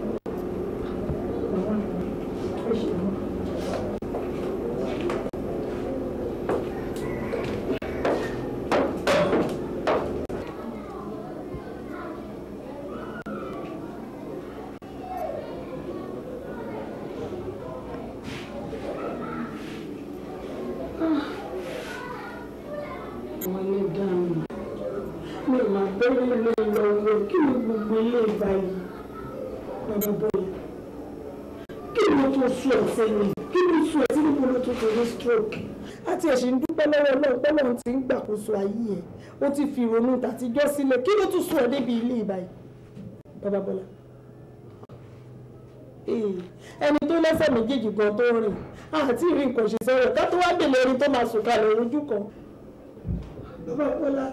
ṣe ni kí ló sùn ẹ tí níbo ló tún ti rí stroke àti ẹ̀sìn dúpẹ́ lọ́wọ́ ọlọ́run pé lọ́run ti ń gbàkóso ayé ẹ̀ ó ti fi ìrònú tàtijọ́ sílẹ̀ kí ló tún sùn ẹ débi ilé ìbáyìí bàbá bọ́lá ẹni tó lẹ́sẹ̀ méjèèjì gan tó rìn àti ìrì nǹkan ṣe sọ̀rọ̀ ká tó wá bèèrè orin tó máa sọ̀kalẹ̀ ojú kan bàbá bọ́lá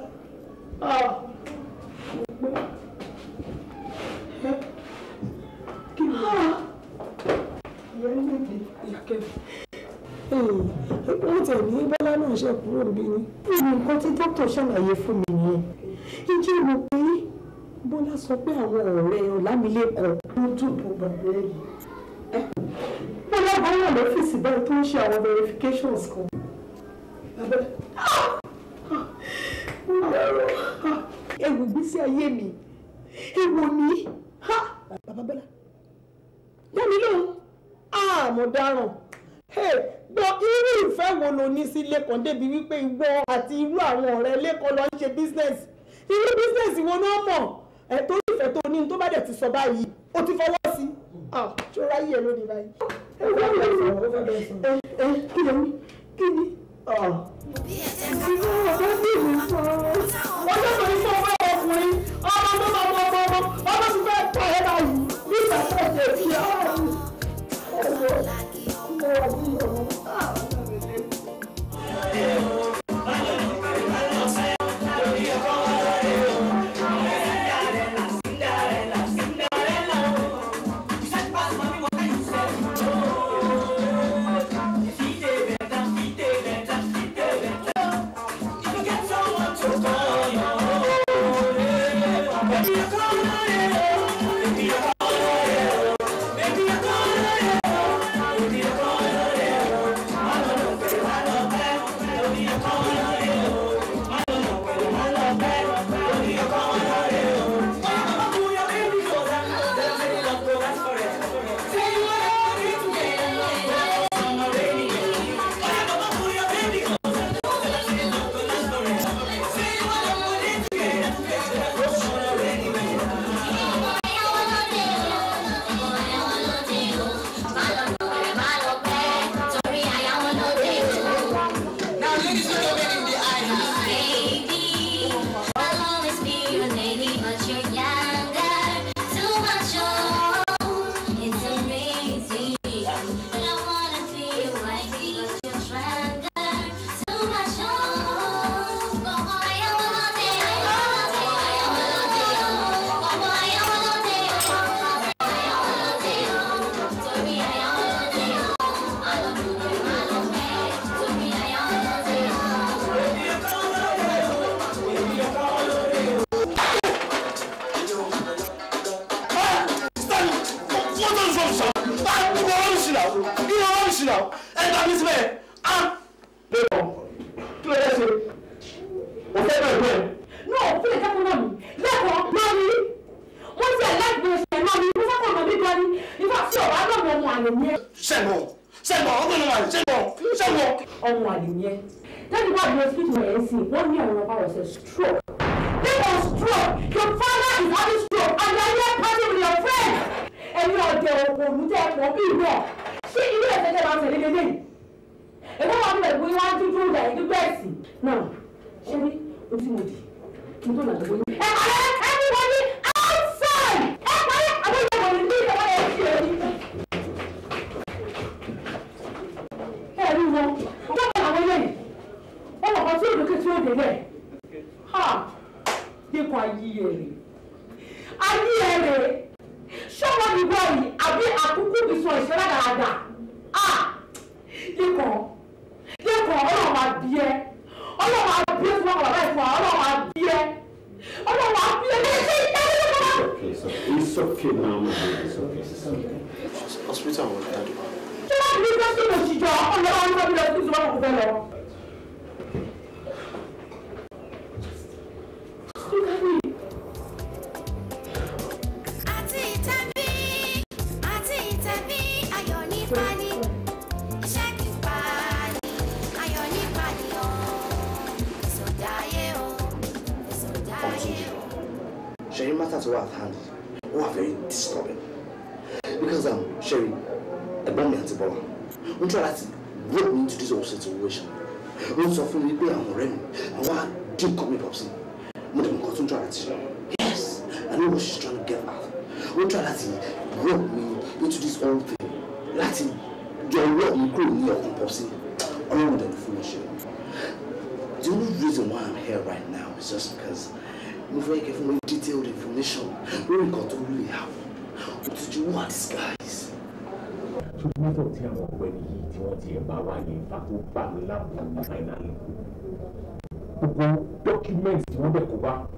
kí ni. Ah! lórílẹ̀-èdè ìkẹfì wọ́n tẹ̀ ní bọ́lá náà ṣe kúrò bí ni. nǹkan tí dókítà ṣàlàyé fún mi nìyẹn ìjẹ́ mo pé bọ́lá sọ pé àwọn ọ̀rẹ́ ọ̀làmìlẹ́kọ̀ọ́ ló dùbò bàbá ẹ̀ bọ́lá bá wà lọ́fíìsì báyìí tó ń ṣe àwọn verifications kan. ewu ìgbésí ayé mi ewu mi bàbá bọ́lá dá mi lóhùn àmọ̀dáràn ah, gbọ́ irú ìfẹ́ wo lo ní sí lẹ́kàn débi wípé ìwọ àti irú àwọn ọ̀rẹ́ lẹ́kàn lọ ń ṣe business irú business wo náà mọ̀ ẹ̀ tó ìfẹ́ tó ní tó bá dẹ̀ ti sọ báyìí o ti fọwọ́ sí ah, ṣọ́ra yìí ẹ̀ lónìí báyìí. ẹ kí ló ní kí ni. ìdílé ọ̀gá bí mi sọ. wọ́n yóò fún ọmọ ọkùnrin ọmọ tó máa mọ ọmọ ọmọ ọmọ tó fẹ́ pa ẹ̀ báyìí nígbà tó ṣe fi Thank you. Hallelujah. fọlọ́ n tọ́ láti rope me into this whole situation n sọ fún mi pé àwọn ọ̀rẹ́ mi àwọn deep comic pop sí mo dẹ̀ mọ̀ kọ́ tó ń tọ́ láti ṣe yes I know what she's trying to get at n tọ́ láti rope me into this whole thing láti yọ ọwọ́ mi kúrò ní ọkàn pop sí ọlọ́run dẹ̀ ló fún mi ṣe the only reason why I'm here right now is just because mo fẹ́ kẹ́ fún mi detailed information lórí nǹkan tó really happen òtútù wà guys? ṣùgbọ́n tó tí àwọn ọ̀gbẹ́ni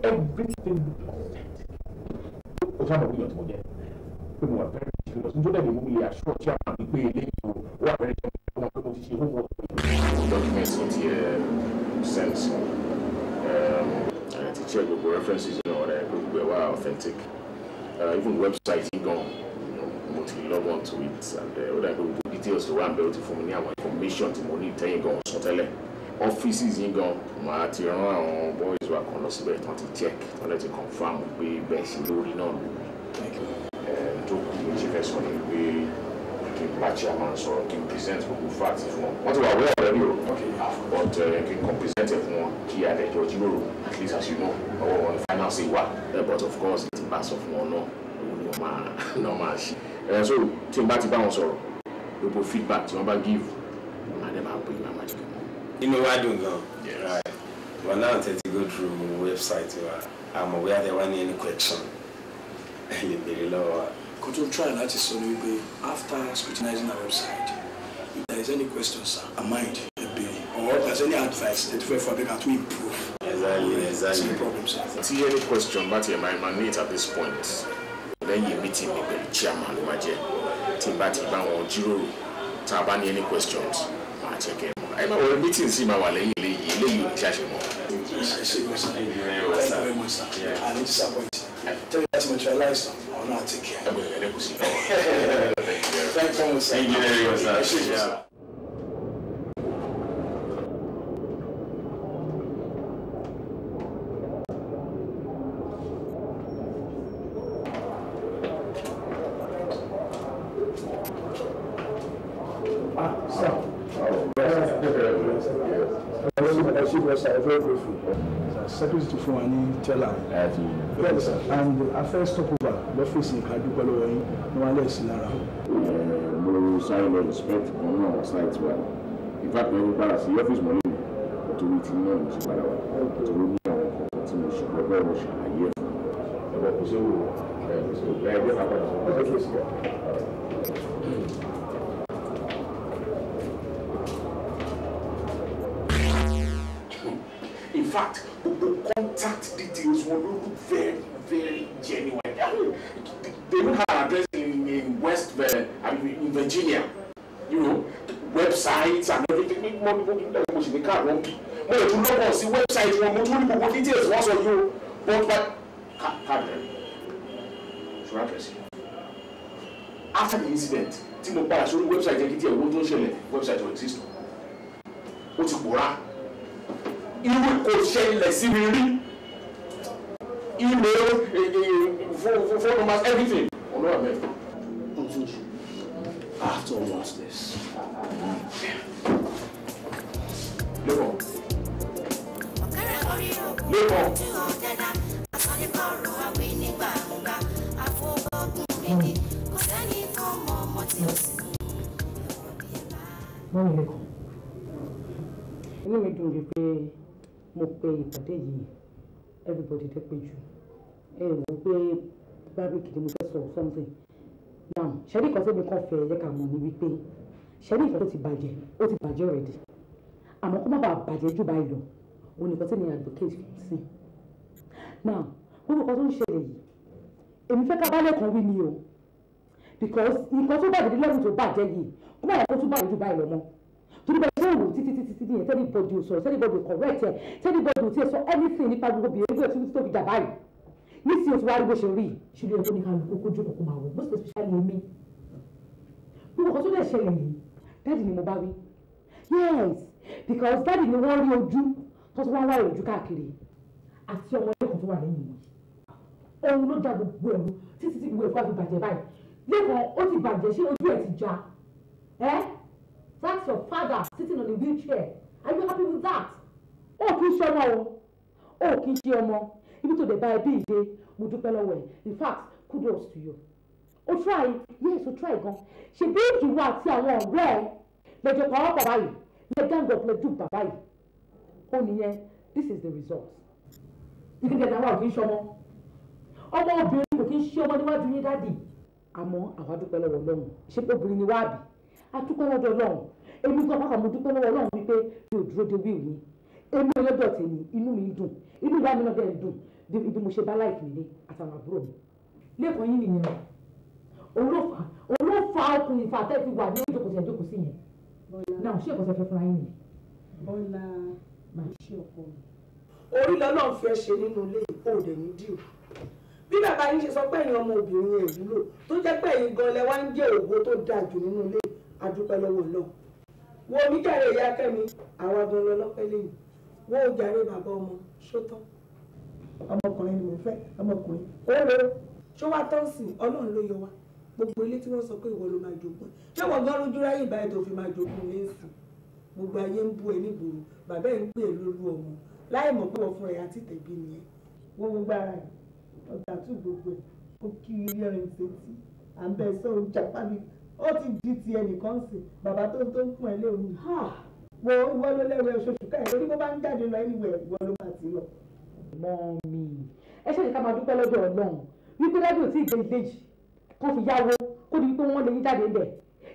everything perfect ó sábà wúyọ̀ tí mo jẹ́ pé mo wà very serious nítorí ẹ̀mí mú um, references náà rẹ̀ gbogbo ẹ̀ wá authentic uh, even website yìí gan ti log on to it and uh, ó dàbí gbogbo details to wà ń bẹ ó ti fún mi ní àwọn information tí mo ní ìtẹ́yìn gan sọ tẹ́lẹ̀ offices yín gan màá ti rán àwọn boys wa kan lọ síbẹ̀ tí wọ́n ti check tí wọ́n ti confirm pé bẹ́ẹ̀ sí lórí náà ló wí eh, tó kù ní ṣe fẹ́ sọ ni pé kí n bá chairman sọ̀rọ̀ kí n present gbogbo facts fún wọn wọ́n ti wà wẹ́ ọ̀rẹ́ mi o but eh, kí n kàn present ẹ̀ fún wọn kí àlejò jíròrò at least as you know ọwọ́ wọn ni finance wà eh, but of course kí n bá sọ fún wọn náà òun ni wọ́n máa ṣe ẹ̀ so tí n bá ti bá wọn sọ̀rọ̀ gbogbo feedback tí wọ́n bá give màá dẹ̀ máa pè é màá dẹ̀ mọ́. inú wa dùn gan-an wọn now tẹ́tí go through website wa àmọ́ bóyá tẹ wá ní any question ẹ lè béèrè lọ́wọ́ wa. kò tó try láti sọ ní wípé after scrutinizing our website if there is any questions I mind ẹ or if there is any advice that you for abeg how to improve. exactly exactly. see any problem sir. see any question bá tiẹ̀ máa emanate at this point lẹ́yìn meeting mi pẹ̀lú chairman ló máa jẹ́ tí n bá ti bá wọn jíròrò tá a bá ní any questions máa jẹ́ kẹ́ ẹ máa wọlé meeting sì máa wà lẹ́yìn eléyìí eléyìí ò ní ṣàṣẹ mọ́. Thank you very much. sir ẹ fẹ́ gbé fún secretary fún wa ní tẹ́lá and a fẹ́ stop over lọ́fíìsì ìkádúpẹ́ lọ́wọ́ yín ní wọ́n á lẹ̀ sí lára. Eh, mo sáré lọ respect kan náà wọ́n sáà tí wà ní in fact mo ní bára sí ọ́fíìsì mọ́lẹ́ mi torí tí náà mo ṣe padà wá torí ní àwọn kan tí mo ṣe pẹ́pẹ́ mo ṣàlàyé ẹ̀ fún mi. ẹ̀bọ̀ kò sí òwò ẹ̀ eh, kò sí òwò ẹ̀ fact the contact details wọn look very very genuine they don't have address in in west uh, in virginia you know websites and everything ní mọ́ níbo nígbà tí mo ṣe ní káàdì wọn bí mo lè tún website wọn mo tún ní gbogbo details wọ́n sọ you? o but but káàdì rẹ̀ ṣùgbọ́n àdírẹ́sì after the incident tí mo padà sórí website yẹn kí díẹ̀ owó tó ń ṣẹlẹ̀ website ò exist What's ti pòórá irú kò ṣẹlẹ̀ sí mi rí email eh, eh, eh, phone numbers everything ọlọ́wà mẹ́fà. After what's this? Lébọ̀. Lébọ̀. Mọ́mí lẹ́kọ̀ọ́, inú mi dùn bíi pé mo pe ìpàdé yìí everybody dẹ́ pé jù ẹ wò ó pé bábíkì ni mo fẹ́ sọ̀rọ̀ something now ṣẹ́rí kan sẹ́mi kan fẹ́ ẹ̀yẹ́ ká mọ̀ ní wípé ṣẹ́rí nǹkan tó ti bàjẹ́ ó ti bàjẹ́ already àmọ́ kó má bàa bàjẹ́ jù báyìí lọ òun nìkan sẹ́mi advocate sí now gbogbo kan tó ń ṣẹlẹ̀ yìí èmi fẹ́ ká bálẹ̀ kan wí ni o because nǹkan tó bàjẹ́ lẹ́rù tó bàjẹ́ yìí kó má yà kó tún bàjẹ́ jù báyìí lọ mọ́ yẹn tẹ́lifọ̀dì ò sọ̀rọ̀ tẹ́lifọ̀dì ò correct it. ẹ̀ tẹ́lifọ̀dì ò tiẹ̀ sọ anything nípa gbogbo behavior tí tó fi jà báyìí nísìnyí oṣù wa rí bó ṣe rí ṣùgbọ́n ẹ̀kọ́ ní ká lóko kójú kòkó máa wọ̀ most especially èmi gbogbo kan tó lè ṣẹlẹ̀ yìí dáàdì ni mo bá wí yes because dáàdì ni wọ́n rí ojú tó tún wọ́n wá ìròjú káàkiri àti ọmọ ẹ̀kọ́ tó wà lẹ́yìn wọn òun ló da gbogbo ẹ̀rù títí tí gbogbo ẹ̀kọ́ àti bàjẹ́ báyìí lẹ́kọ̀ọ́ ó ti bàjẹ́ ṣé ojú ẹ̀ ti já ẹ́ eh? that's your father sitting on a wheelchair are you happy with that? Oh, kì í ṣe ọmọ o ó kì í to ọmọ ibi tó dé do better way. in fact kudos to you. Oh, try yes o try gan She bí ìwọ àti àwọn ọ̀rẹ́ ẹ Let your power yìí Let gang up lè dùn bàbá yìí ó this is the result. that tí àwọn ò kì í ṣe ọmọ ọmọ obìnrin kò kì í ṣe ọmọ níwájú yín dádì àmọ́ àwa dúpẹ́ lọ́wọ́ Ọlọ́run She obìnrin bring wá bì I took another long èmi gan bá mo dúpẹ́ lọ́wọ́ ọlọ́run wípé mi ò dúró de wíìlì yìí èmi ọlọ́dọ̀ tèmi inú mi dùn inú ìyá mi náà bẹ́ẹ̀ dùn bí mo ṣe bá láìpẹ́ nílé àtàwọn àbúrò mi lẹ́kọ̀ọ́ yín nìyẹn òun ló fà òun ló fà ọkùnrin ìfà tẹ́ fi wà ní ìjókòó sí ẹ̀jókòó sí yẹn náà ṣé ìkọ̀sẹ̀ fẹ́ fúnra yín nìyẹn. bọ́lá máa ṣe ọkọ mi. orí lọ́lọ́run fẹ́ ṣe nínú ilé òde ní díò bí bàbá yín ṣe sọ pé ẹ̀yin ọmọbìnrin ẹ̀ wúlò tó jẹ́ pé ẹ̀yin gan lẹ wá ń jẹ́ ògo tó dáa jù nínú ilé a lọ́wọ́ náà wo mi jàre ìyá kẹ́mi àwa gan-an lọ́lọ́pẹ́ lẹ́yìn wo jàre bàbá ọmọ sótọ́ ọmọkùnrin ni mo fẹ́ ọmọkùnrin ó lọ ṣó wá tán sí ọlọ́run ló yọ wá gbogbo ilé tí wọ́n sọ pé ìwọ ló máa jogún ṣé wọ́n gan lójú ráyè báyìí tó fi máa jogún ní ìsìn gbogbo ayé ń bú ẹ nígboro bàbá ẹ ń pè é lóru ọmọ láì mọ̀ pé wọ́n fún ẹ àti tẹ̀bí nìyẹn. wọ́n gbogbo ara ẹ̀ ọ̀gá tún gbogbo ẹ̀ ó kí irin ṣe tí à ń bẹ́ẹ̀ sọ́run jàpá mi ó ti di ti ẹnìkan sí bàbá tó tó ń pọ̀ ẹ́ lóru wo ìwọ ló lẹ́rù ẹ̀ ṣoṣù káyọ̀ torí bó bá ń jáde lọ ẹni wẹ̀ ìwọ ló máa ti lọ. mọ́ mi ẹ ṣe ká máa dúpẹ́ lọ́dọ̀ ọlọ́run wípé lẹ́dùn tí ìgbé ìbejì kan fi yáwó kó di wípé wọ́n lè yí jáde ńbẹ̀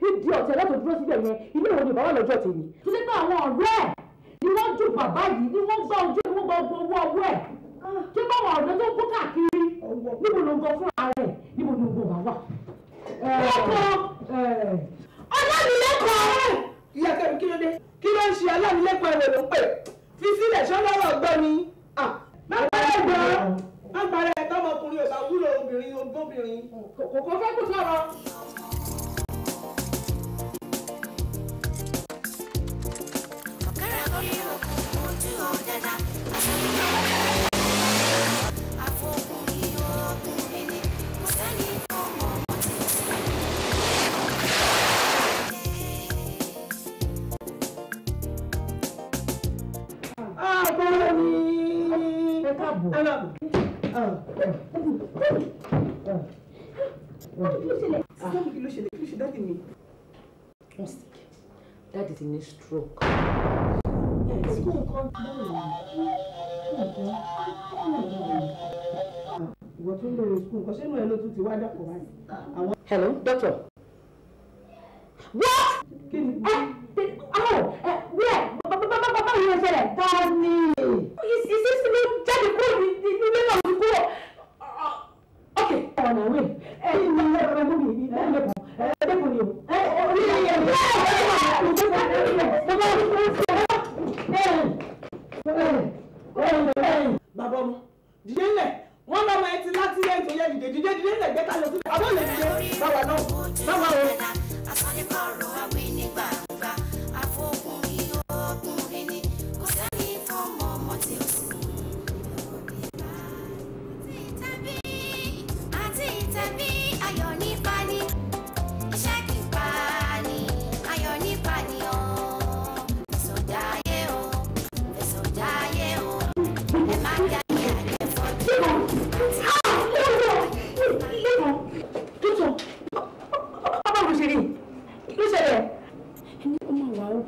ìdí ọ̀tẹ̀ lọ́tọ̀ dúró síbẹ̀ yẹn ilé ìwọ̀n ni bàbá lọ́jọ́ tèmi. tó ṣe pé àwọn ọ̀rẹ́ ẹ̀ ni wọ́n dùn bàbá yìí ni wọ́n gbọ́ ojú ni wọ́n gbọ́ owó ọwọ́ ẹ̀ ah! tó bá wà ọ̀dọ́ tó kú káàkiri níbo ló ń gbọ́ fúnra rẹ̀ níbo ló ń gbọ́ wà wà. ọkọ Eh. ọlọ́nilẹ́kọ̀ọ́ ìyá kẹ́mi kí ló dé kí ló ń ṣe ọlọ́nilẹ́kọ̀ọ́ ẹ̀rọ ló ń pè fi sílẹ̀ ṣọ́lọ́rọ̀ gbọ́ ni ah, má parẹ́ gbọ́ má parẹ́ tọmọkùnrin ò wúlò obìnrin ogóbìnrin kò kò fẹ́ kó sọ̀rọ̀. ni. wọ́n sick dáàdì ti ní stroke. ẹ̀sìn nǹkan bọ́ọ̀lù ìwọ tún lórí school nǹkan sínú ẹ ló tún ti wá dàpọ̀ báyìí. hello doctor. what. kí ni. ẹ Where? Where wíwẹ̀ bàbá mi ló ṣẹlẹ̀ tá a ní. ìṣísílẹ̀ jáde kúrò ní ilé náà ní kúrò. ok ọ̀nà wẹ̀ ẹ ní ẹ bàbá mi ní ilé náà bàbá ọmọ dìde ńlẹ̀ wọn lọmọ ẹ ti láti lẹ́yìn tó yẹ dìde dìde dìde ńlẹ̀ gbẹta lọ sílẹ̀ àbọ lè dìde báwa náà báwa o.